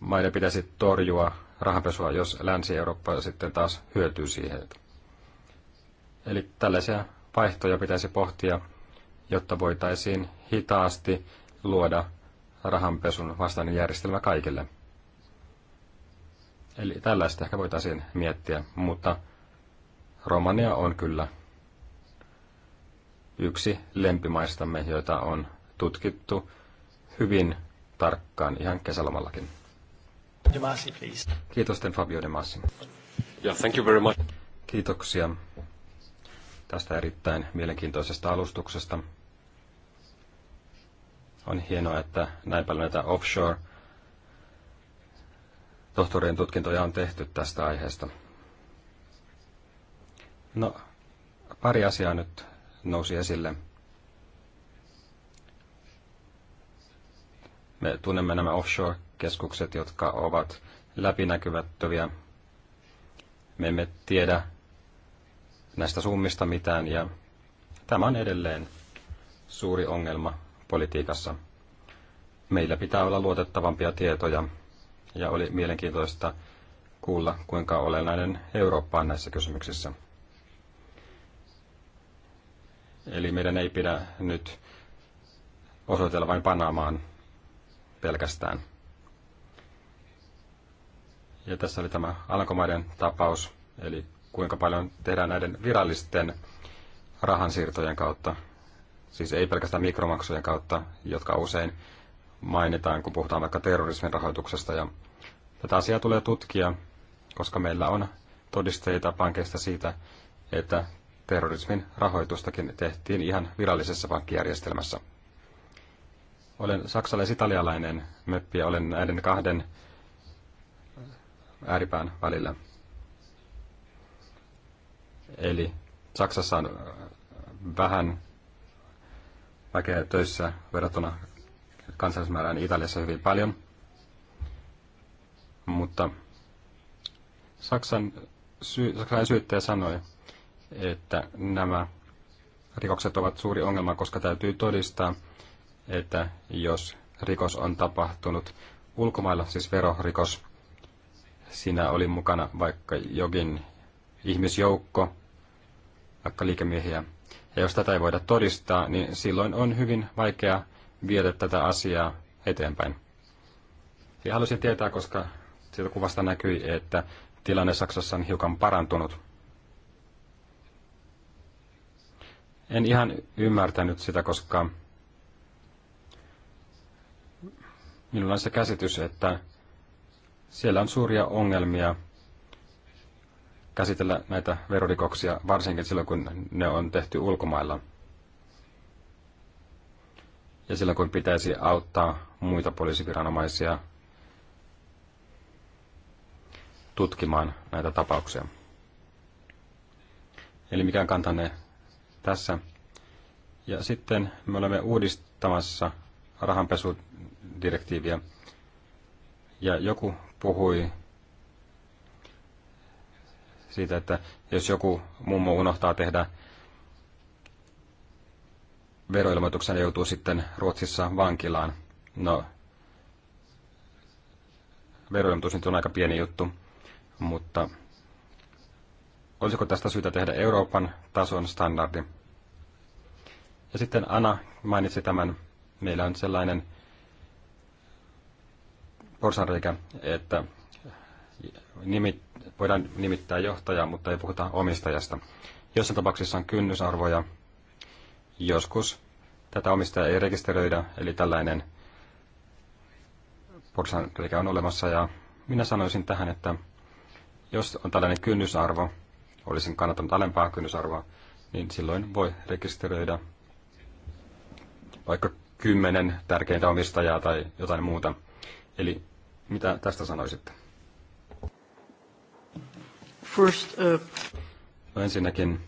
maiden pitäisi torjua rahanpesua, jos Länsi-Eurooppa sitten taas hyötyy siihen? Eli tällaisia vaihtoja pitäisi pohtia, jotta voitaisiin hitaasti luoda rahanpesun vastainen järjestelmä kaikille. Eli tällaista ehkä voitaisiin miettiä, mutta Romania on kyllä yksi lempimaistamme, joita on tutkittu hyvin tarkkaan ihan kesälomallakin. De Masi, please. Kiitos, Fabio De Masi. Yeah, thank you very much. Kiitoksia tästä erittäin mielenkiintoisesta alustuksesta. On hienoa, että näin paljon näitä offshore tohtorien tutkintoja on tehty tästä aiheesta. No, pari asiaa nyt nousi esille. Me tunnemme nämä offshore-keskukset, jotka ovat läpinäkymättöviä. Me emme tiedä näistä summista mitään ja tämä on edelleen suuri ongelma politiikassa. Meillä pitää olla luotettavampia tietoja ja oli mielenkiintoista kuulla, kuinka olennainen Eurooppa on näissä kysymyksissä. Eli meidän ei pidä nyt osoitella vain Panamaan pelkästään. Ja tässä oli tämä Alankomaiden tapaus, eli kuinka paljon tehdään näiden virallisten rahansiirtojen kautta, siis ei pelkästään mikromaksujen kautta, jotka usein mainitaan, kun puhutaan vaikka terrorismin rahoituksesta. Ja tätä asiaa tulee tutkia, koska meillä on todisteita pankeista siitä, että terrorismin rahoitustakin tehtiin ihan virallisessa pankkijärjestelmässä. Olen saksalais-italialainen meppi ja olen näiden kahden ääripään välillä. Eli Saksassa on äh, vähän väkeä töissä verrattuna kansallismäärään Italiassa hyvin paljon. Mutta Saksan, sy- Saksan syyttäjä sanoi, että nämä rikokset ovat suuri ongelma, koska täytyy todistaa, että jos rikos on tapahtunut ulkomailla, siis verorikos, sinä oli mukana vaikka jokin ihmisjoukko, vaikka liikemiehiä. Ja jos tätä ei voida todistaa, niin silloin on hyvin vaikea viedä tätä asiaa eteenpäin. Ja halusin tietää, koska siitä kuvasta näkyi, että tilanne Saksassa on hiukan parantunut. En ihan ymmärtänyt sitä, koska minulla on se käsitys, että siellä on suuria ongelmia käsitellä näitä verorikoksia, varsinkin silloin, kun ne on tehty ulkomailla. Ja silloin, kun pitäisi auttaa muita poliisiviranomaisia tutkimaan näitä tapauksia. Eli mikä kantanne tässä. Ja sitten me olemme uudistamassa rahanpesudirektiiviä. Ja joku puhui siitä, että jos joku mummo unohtaa tehdä veroilmoituksen ja niin joutuu sitten Ruotsissa vankilaan. No, veroilmoitus nyt on aika pieni juttu, mutta olisiko tästä syytä tehdä Euroopan tason standardi? Ja sitten Anna mainitsi tämän, meillä on sellainen porsanreikä, että nimit, voidaan nimittää johtaja, mutta ei puhuta omistajasta. Jossain tapauksessa on kynnysarvoja. Joskus tätä omistajaa ei rekisteröidä, eli tällainen porsanreikä on olemassa. Ja minä sanoisin tähän, että jos on tällainen kynnysarvo, olisin kannattanut alempaa kynnysarvoa, niin silloin voi rekisteröidä vaikka kymmenen tärkeintä omistajaa tai jotain muuta. Eli mitä tästä sanoisitte? First, uh... no ensinnäkin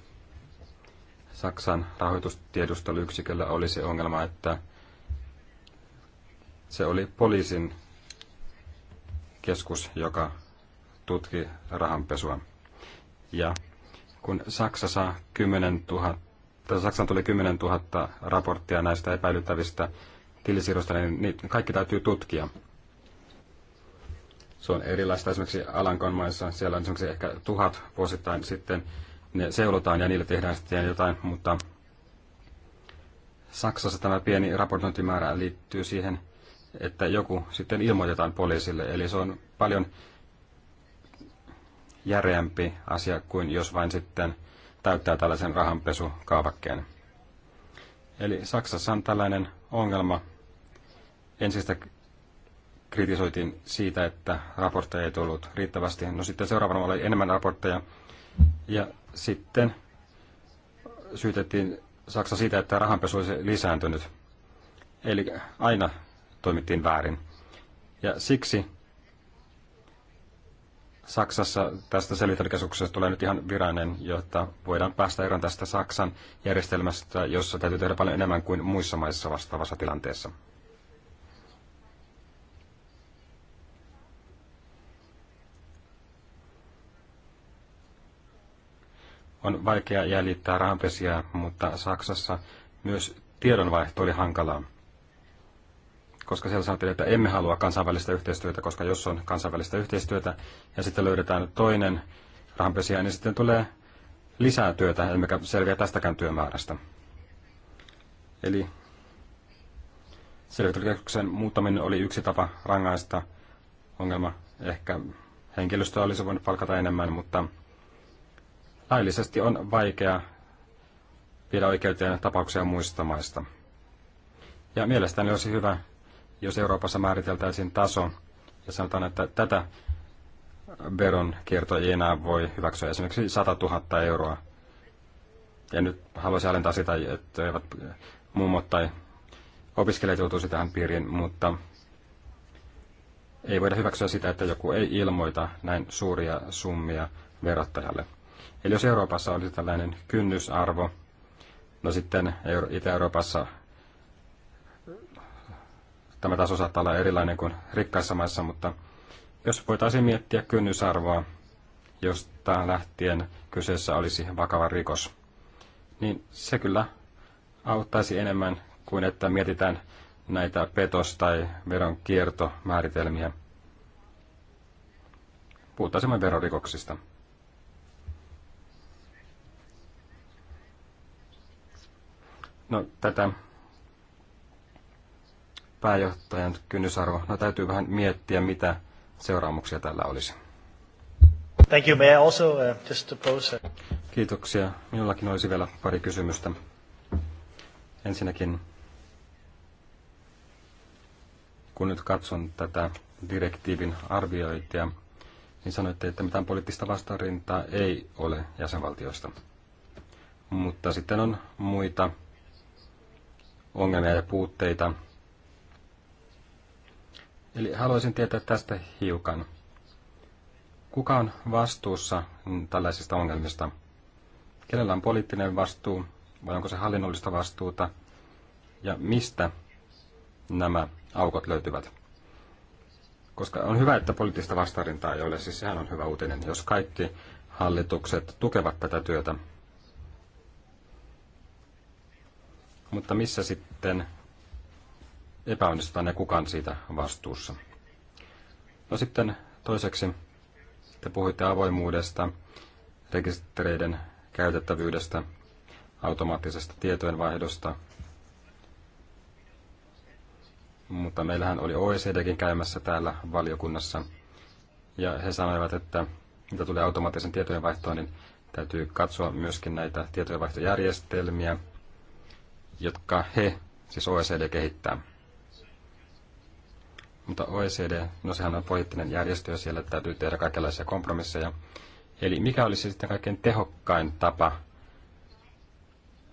Saksan rahoitustiedusteluyksiköllä oli se ongelma, että se oli poliisin keskus, joka tutki rahanpesua. Ja kun Saksa saa 10 000, Saksan tuli 10 000 raporttia näistä epäilyttävistä tilisiirroista, niin kaikki täytyy tutkia. Se on erilaista esimerkiksi Alankon maissa. Siellä on esimerkiksi ehkä tuhat vuosittain sitten ne seulotaan ja niille tehdään sitten jotain, mutta Saksassa tämä pieni raportointimäärä liittyy siihen, että joku sitten ilmoitetaan poliisille. Eli se on paljon järeämpi asia kuin jos vain sitten täyttää tällaisen rahanpesukaavakkeen. Eli Saksassa on tällainen ongelma. Ensistä kritisoitiin siitä, että raportteja ei tullut riittävästi. No sitten seuraavana oli enemmän raportteja. Ja sitten syytettiin Saksa siitä, että rahanpesu olisi lisääntynyt. Eli aina toimittiin väärin. Ja siksi Saksassa tästä selvityskeskuksesta tulee nyt ihan virainen, jotta voidaan päästä eroon tästä Saksan järjestelmästä, jossa täytyy tehdä paljon enemmän kuin muissa maissa vastaavassa tilanteessa. On vaikea jäljittää rahanpesiä, mutta Saksassa myös tiedonvaihto oli hankalaa koska siellä sanottiin, että emme halua kansainvälistä yhteistyötä, koska jos on kansainvälistä yhteistyötä ja sitten löydetään toinen rahanpesijä, niin sitten tulee lisää työtä, emmekä selviä tästäkään työmäärästä. Eli selvittelykeskuksen muuttaminen oli yksi tapa rangaista ongelma. Ehkä henkilöstöä olisi voinut palkata enemmän, mutta laillisesti on vaikea viedä oikeuteen tapauksia muista maista. Ja mielestäni olisi hyvä, jos Euroopassa määriteltäisiin taso ja sanotaan, että tätä veron kierto ei enää voi hyväksyä esimerkiksi 100 000 euroa. Ja nyt haluaisin alentaa sitä, että eivät mummot tai opiskelijat joutuisi tähän piiriin, mutta ei voida hyväksyä sitä, että joku ei ilmoita näin suuria summia verottajalle. Eli jos Euroopassa olisi tällainen kynnysarvo, no sitten Itä-Euroopassa tämä taso saattaa olla erilainen kuin rikkaissa maissa, mutta jos voitaisiin miettiä kynnysarvoa, josta lähtien kyseessä olisi vakava rikos, niin se kyllä auttaisi enemmän kuin että mietitään näitä petos- tai veronkiertomääritelmiä. Puhutaan verorikoksista. No, tätä pääjohtajan kynnysarvo. No täytyy vähän miettiä, mitä seuraamuksia tällä olisi. Thank you. May I also uh, just pose a... Kiitoksia. Minullakin olisi vielä pari kysymystä. Ensinnäkin, kun nyt katson tätä direktiivin arviointia, niin sanoitte, että mitään poliittista vastarintaa ei ole jäsenvaltioista. Mutta sitten on muita ongelmia ja puutteita, Eli haluaisin tietää tästä hiukan. Kuka on vastuussa tällaisista ongelmista? Kenellä on poliittinen vastuu vai onko se hallinnollista vastuuta? Ja mistä nämä aukot löytyvät? Koska on hyvä, että poliittista vastarintaa ei ole, siis sehän on hyvä uutinen, jos kaikki hallitukset tukevat tätä työtä. Mutta missä sitten epäonnistutaan ja kukaan siitä vastuussa. No sitten toiseksi te puhuitte avoimuudesta, rekistereiden käytettävyydestä, automaattisesta tietojenvaihdosta. Mutta meillähän oli OECDkin käymässä täällä valiokunnassa, ja he sanoivat, että mitä tulee automaattisen tietojenvaihtoon, niin täytyy katsoa myöskin näitä tietojenvaihtojärjestelmiä, jotka he, siis OECD, kehittää. Mutta OECD, no sehän on poliittinen järjestö ja siellä täytyy tehdä kaikenlaisia kompromisseja. Eli mikä olisi sitten kaikkein tehokkain tapa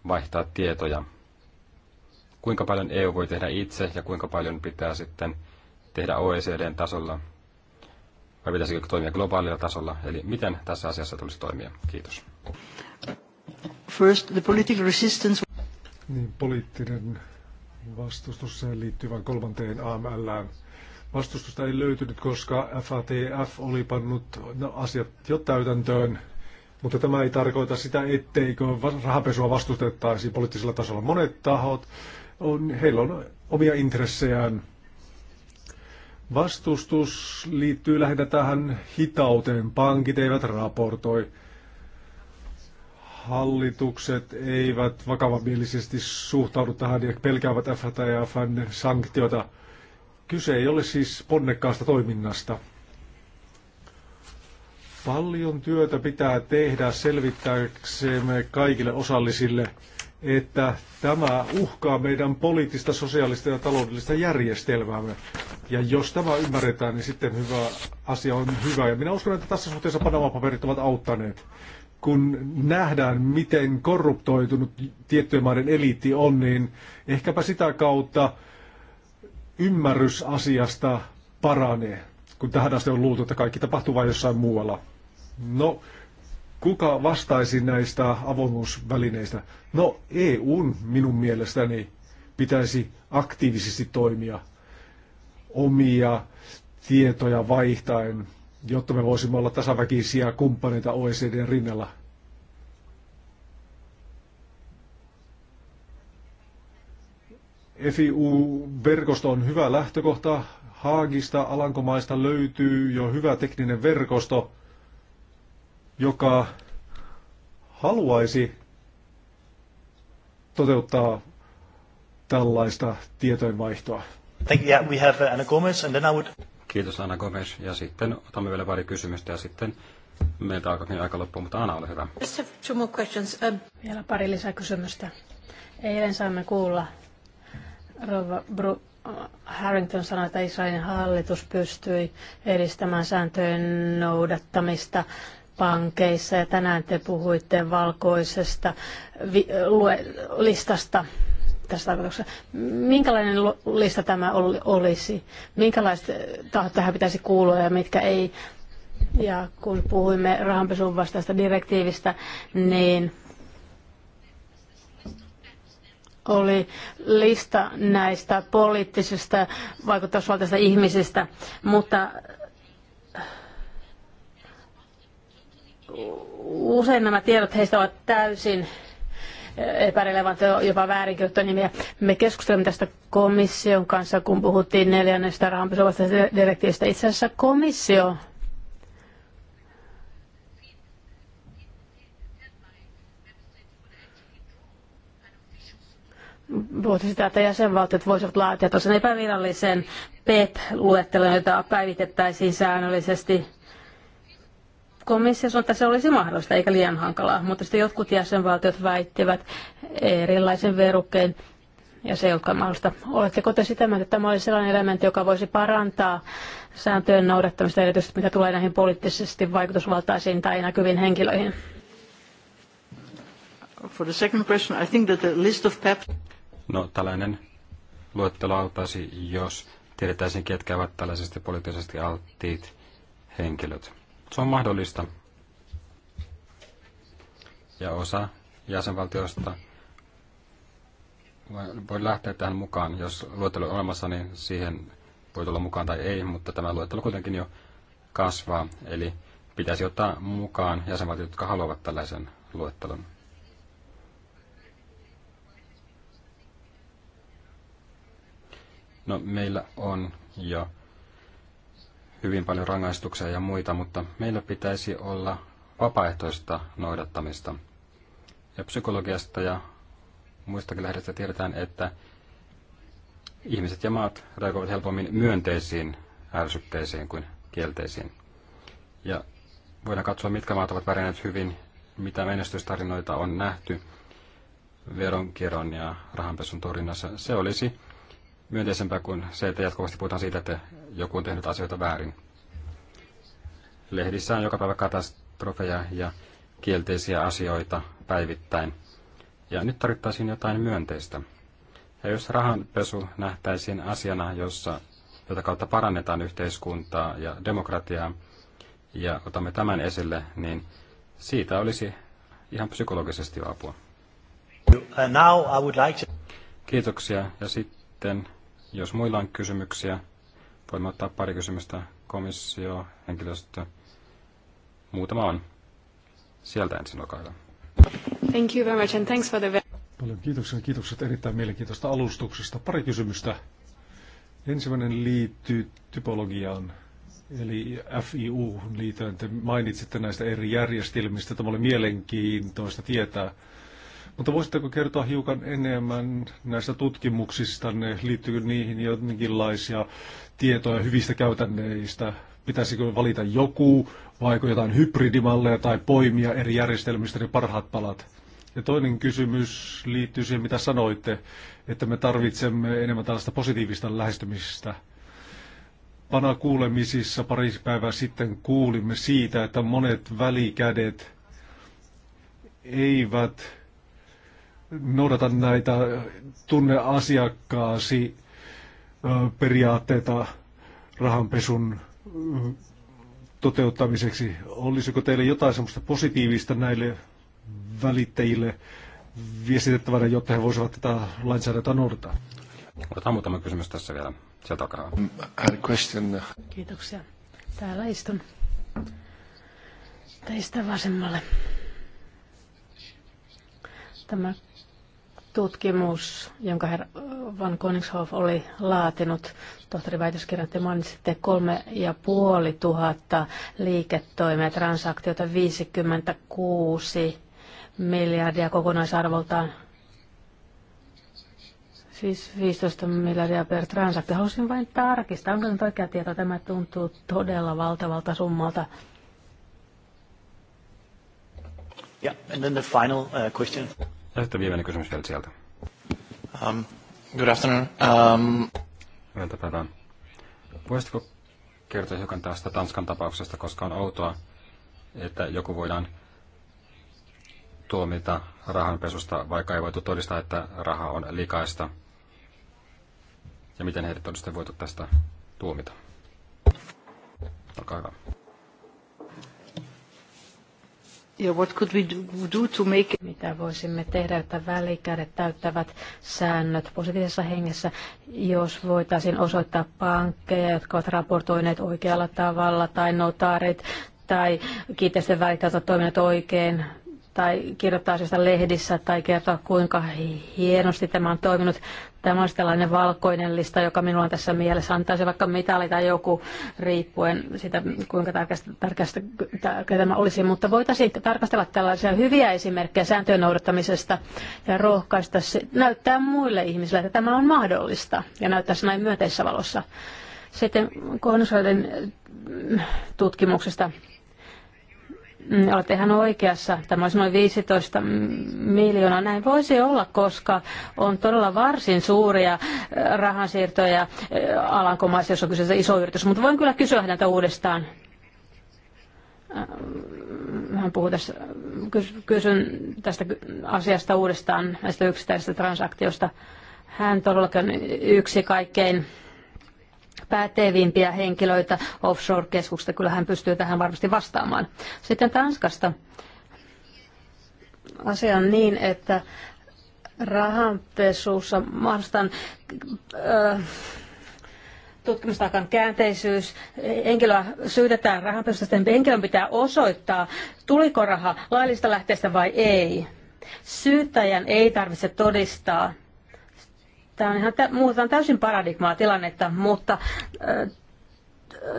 vaihtaa tietoja? Kuinka paljon EU voi tehdä itse ja kuinka paljon pitää sitten tehdä OECDn tasolla? Vai pitäisikö toimia globaalilla tasolla? Eli miten tässä asiassa tulisi toimia? Kiitos. First, the political resistance. Niin, poliittinen vastustus liittyvän kolmanteen AML. Vastustusta ei löytynyt, koska FATF oli pannut no, asiat jo täytäntöön, mutta tämä ei tarkoita sitä, etteikö rahapesua vastustettaisi poliittisella tasolla. Monet tahot, on, heillä on omia intressejään. Vastustus liittyy lähinnä tähän hitauteen. Pankit eivät raportoi hallitukset eivät vakavamielisesti suhtaudu tähän ja pelkäävät FATFn sanktiota. Kyse ei ole siis ponnekkaasta toiminnasta. Paljon työtä pitää tehdä selvittääksemme kaikille osallisille, että tämä uhkaa meidän poliittista, sosiaalista ja taloudellista järjestelmäämme. Ja jos tämä ymmärretään, niin sitten hyvä asia on hyvä. Ja minä uskon, että tässä suhteessa Panama-paperit ovat auttaneet. Kun nähdään, miten korruptoitunut tiettyjen maiden eliitti on, niin ehkäpä sitä kautta ymmärrys asiasta paranee, kun tähän asti on luultu, että kaikki tapahtuu vain jossain muualla. No, kuka vastaisi näistä avoimuusvälineistä? No, EUn minun mielestäni pitäisi aktiivisesti toimia omia tietoja vaihtaen, jotta me voisimme olla tasaväkisiä kumppaneita OECD rinnalla. FIU-verkosto on hyvä lähtökohta. Haagista, Alankomaista löytyy jo hyvä tekninen verkosto, joka haluaisi toteuttaa tällaista tietojenvaihtoa. Yeah, we have uh, Anna Gomez and then I would... Kiitos Anna Gomes. Ja sitten otamme vielä pari kysymystä ja sitten meiltä alkaakin niin aika loppua, mutta Anna, ole hyvä. Just have two more questions. Um... Vielä pari lisäkysymystä. Eilen saimme kuulla Rova Bru- Harrington sanoi, että Israelin hallitus pystyi edistämään sääntöjen noudattamista pankeissa ja tänään te puhuitte valkoisesta vi- listasta tässä tarkoituksessa. Minkälainen lista tämä olisi? Minkälaista tahot tähän pitäisi kuulua ja mitkä ei? Ja kun puhuimme rahanpesun vastaista direktiivistä, niin oli lista näistä poliittisista vaikutusvaltaisista ihmisistä, mutta usein nämä tiedot heistä ovat täysin epärelevantti jopa väärinkäyttönimiä. Me keskustelimme tästä komission kanssa, kun puhuttiin neljännestä rahanpesuvasta direktiivistä. Itse asiassa komissio Puhuttiin sitä, että jäsenvaltiot voisivat laatia tosiaan epävirallisen PEP-luettelon, jota päivitettäisiin säännöllisesti sanoi, että se olisi mahdollista eikä liian hankalaa, mutta sitten jotkut jäsenvaltiot väittivät erilaisen verukkeen ja se ei olekaan mahdollista. Oletteko te sitä mieltä, että tämä olisi sellainen elementti, joka voisi parantaa sääntöjen noudattamista, erityisesti mitä tulee näihin poliittisesti vaikutusvaltaisiin tai näkyviin henkilöihin? For the second question, I think that the list of PEP... E No tällainen luettelo auttaisi, jos tiedettäisiin, ketkä ovat tällaisesti poliittisesti alttiit henkilöt. Se on mahdollista. Ja osa jäsenvaltioista voi lähteä tähän mukaan. Jos luettelo on olemassa, niin siihen voi tulla mukaan tai ei, mutta tämä luettelo kuitenkin jo kasvaa. Eli pitäisi ottaa mukaan jäsenvaltiot, jotka haluavat tällaisen luettelon. No meillä on jo hyvin paljon rangaistuksia ja muita, mutta meillä pitäisi olla vapaaehtoista noudattamista. Ja psykologiasta ja muistakin lähdestä tiedetään, että ihmiset ja maat reagoivat helpommin myönteisiin ärsykkeisiin kuin kielteisiin. Ja voidaan katsoa, mitkä maat ovat pärjänneet hyvin, mitä menestystarinoita on nähty veronkierron ja rahanpesun torjunnassa. Se olisi myönteisempää kuin se, että jatkuvasti puhutaan siitä, että joku on tehnyt asioita väärin. Lehdissä on joka päivä katastrofeja ja kielteisiä asioita päivittäin. Ja nyt tarvittaisiin jotain myönteistä. Ja jos rahanpesu nähtäisiin asiana, jossa, jota kautta parannetaan yhteiskuntaa ja demokratiaa, ja otamme tämän esille, niin siitä olisi ihan psykologisesti apua. Kiitoksia. Ja sitten jos muilla on kysymyksiä, voimme ottaa pari kysymystä. Komissio, henkilöstö, muutama on. Sieltä ensin, olkaa hyvä. Thank you very much and thanks for the... Paljon kiitoksia. Kiitokset erittäin mielenkiintoista alustuksesta. Pari kysymystä. Ensimmäinen liittyy typologiaan, eli FIU liittyen. Te mainitsitte näistä eri järjestelmistä. Tämä oli mielenkiintoista tietää. Mutta voisitteko kertoa hiukan enemmän näistä tutkimuksista, ne liittyykö niihin jotenkinlaisia tietoja hyvistä käytänneistä? Pitäisikö valita joku, vaiko jotain hybridimalleja tai poimia eri järjestelmistä ne parhaat palat? Ja toinen kysymys liittyy siihen, mitä sanoitte, että me tarvitsemme enemmän tällaista positiivista lähestymistä. Pana kuulemisissa pari päivää sitten kuulimme siitä, että monet välikädet eivät noudata näitä tunne asiakkaasi periaatteita rahanpesun toteuttamiseksi. Olisiko teille jotain semmoista positiivista näille välittäjille viestitettävänä, jotta he voisivat tätä lainsäädäntöä noudattaa? Otetaan muutama kysymys tässä vielä. Sieltä alkaa. Um, question. Kiitoksia. Täällä istun teistä vasemmalle. Tämä tutkimus, jonka herra Van Koningshoff oli laatinut, tohtori väitöskirja, te mainitsitte kolme ja puoli tuhatta liiketoimia, transaktiota 56 miljardia kokonaisarvoltaan. Siis 15 miljardia per transaktio. Haluaisin vain tarkistaa, onko nyt oikea tieto. Tämä tuntuu todella valtavalta summalta. Yeah, and then the final uh, question. Ja sitten viimeinen kysymys vielä sieltä. Um, good afternoon. Um... Hyvää päivää. Voisitko kertoa hiukan tästä Tanskan tapauksesta, koska on outoa, että joku voidaan tuomita rahanpesusta, vaikka ei voitu todistaa, että raha on likaista. Ja miten heidät on sitten voitu tästä tuomita? Olkaa hyvä. Yeah, what could we do to make... Mitä voisimme tehdä, että välikädet täyttävät säännöt positiivisessa hengessä, jos voitaisiin osoittaa pankkeja, jotka ovat raportoineet oikealla tavalla, tai notaarit, tai kiinteistön välikädet toiminut oikein, tai kirjoittaa asiasta lehdissä tai kertoa, kuinka hienosti tämä on toiminut. Tämä on tällainen valkoinen lista, joka minulla on tässä mielessä. Antaa se vaikka mitali tai joku riippuen siitä, kuinka tärkeästä, tärkeästä, tämä olisi. Mutta voitaisiin tarkastella tällaisia hyviä esimerkkejä sääntöjen noudattamisesta ja rohkaista se, näyttää muille ihmisille, että tämä on mahdollista ja näyttää se näin myönteisessä valossa. Sitten Konsoliden tutkimuksesta Mm, olette ihan oikeassa, tämä olisi noin 15 miljoonaa. Näin voisi olla, koska on todella varsin suuria äh, rahansiirtoja äh, alankomaissa, jos on kyseessä iso yritys. Mutta voin kyllä kysyä häneltä uudestaan. Äh, hän puhuu tässä, kysyn tästä asiasta uudestaan, näistä yksittäisistä transaktiosta Hän todellakin on yksi kaikkein pätevimpiä henkilöitä offshore-keskuksesta. Kyllä hän pystyy tähän varmasti vastaamaan. Sitten Tanskasta asia on niin, että rahanpesussa mahdollistetaan äh, tutkimustaakan käänteisyys. Henkilöä syytetään rahanpesusta, sitten henkilön pitää osoittaa, tuliko raha laillista lähteestä vai ei. Syyttäjän ei tarvitse todistaa, Tämä on ihan tä- muutetaan täysin paradigmaa tilannetta, mutta äh,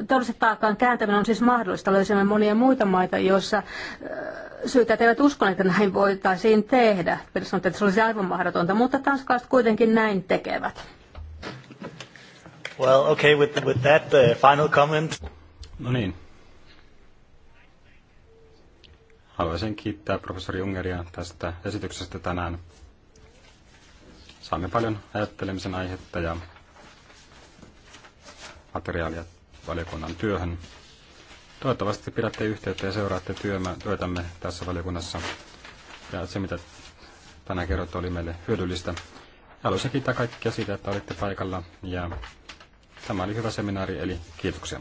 todellisen taakkaan kääntäminen on siis mahdollista. Löysimme monia muita maita, joissa äh, syytä eivät usko, että näin voitaisiin tehdä. Sanotaan, että se olisi aivan mahdotonta, mutta tanskalaiset kuitenkin näin tekevät. Well, okay, with, the, with that uh, final comment. No niin. Haluaisin kiittää professori Ungeria tästä esityksestä tänään saamme paljon ajattelemisen aihetta ja materiaalia valiokunnan työhön. Toivottavasti pidätte yhteyttä ja seuraatte työtämme tässä valiokunnassa. Ja se, mitä tänään kerrottu, oli meille hyödyllistä. Haluaisin kiittää kaikkia siitä, että olitte paikalla ja tämä oli hyvä seminaari, eli kiitoksia.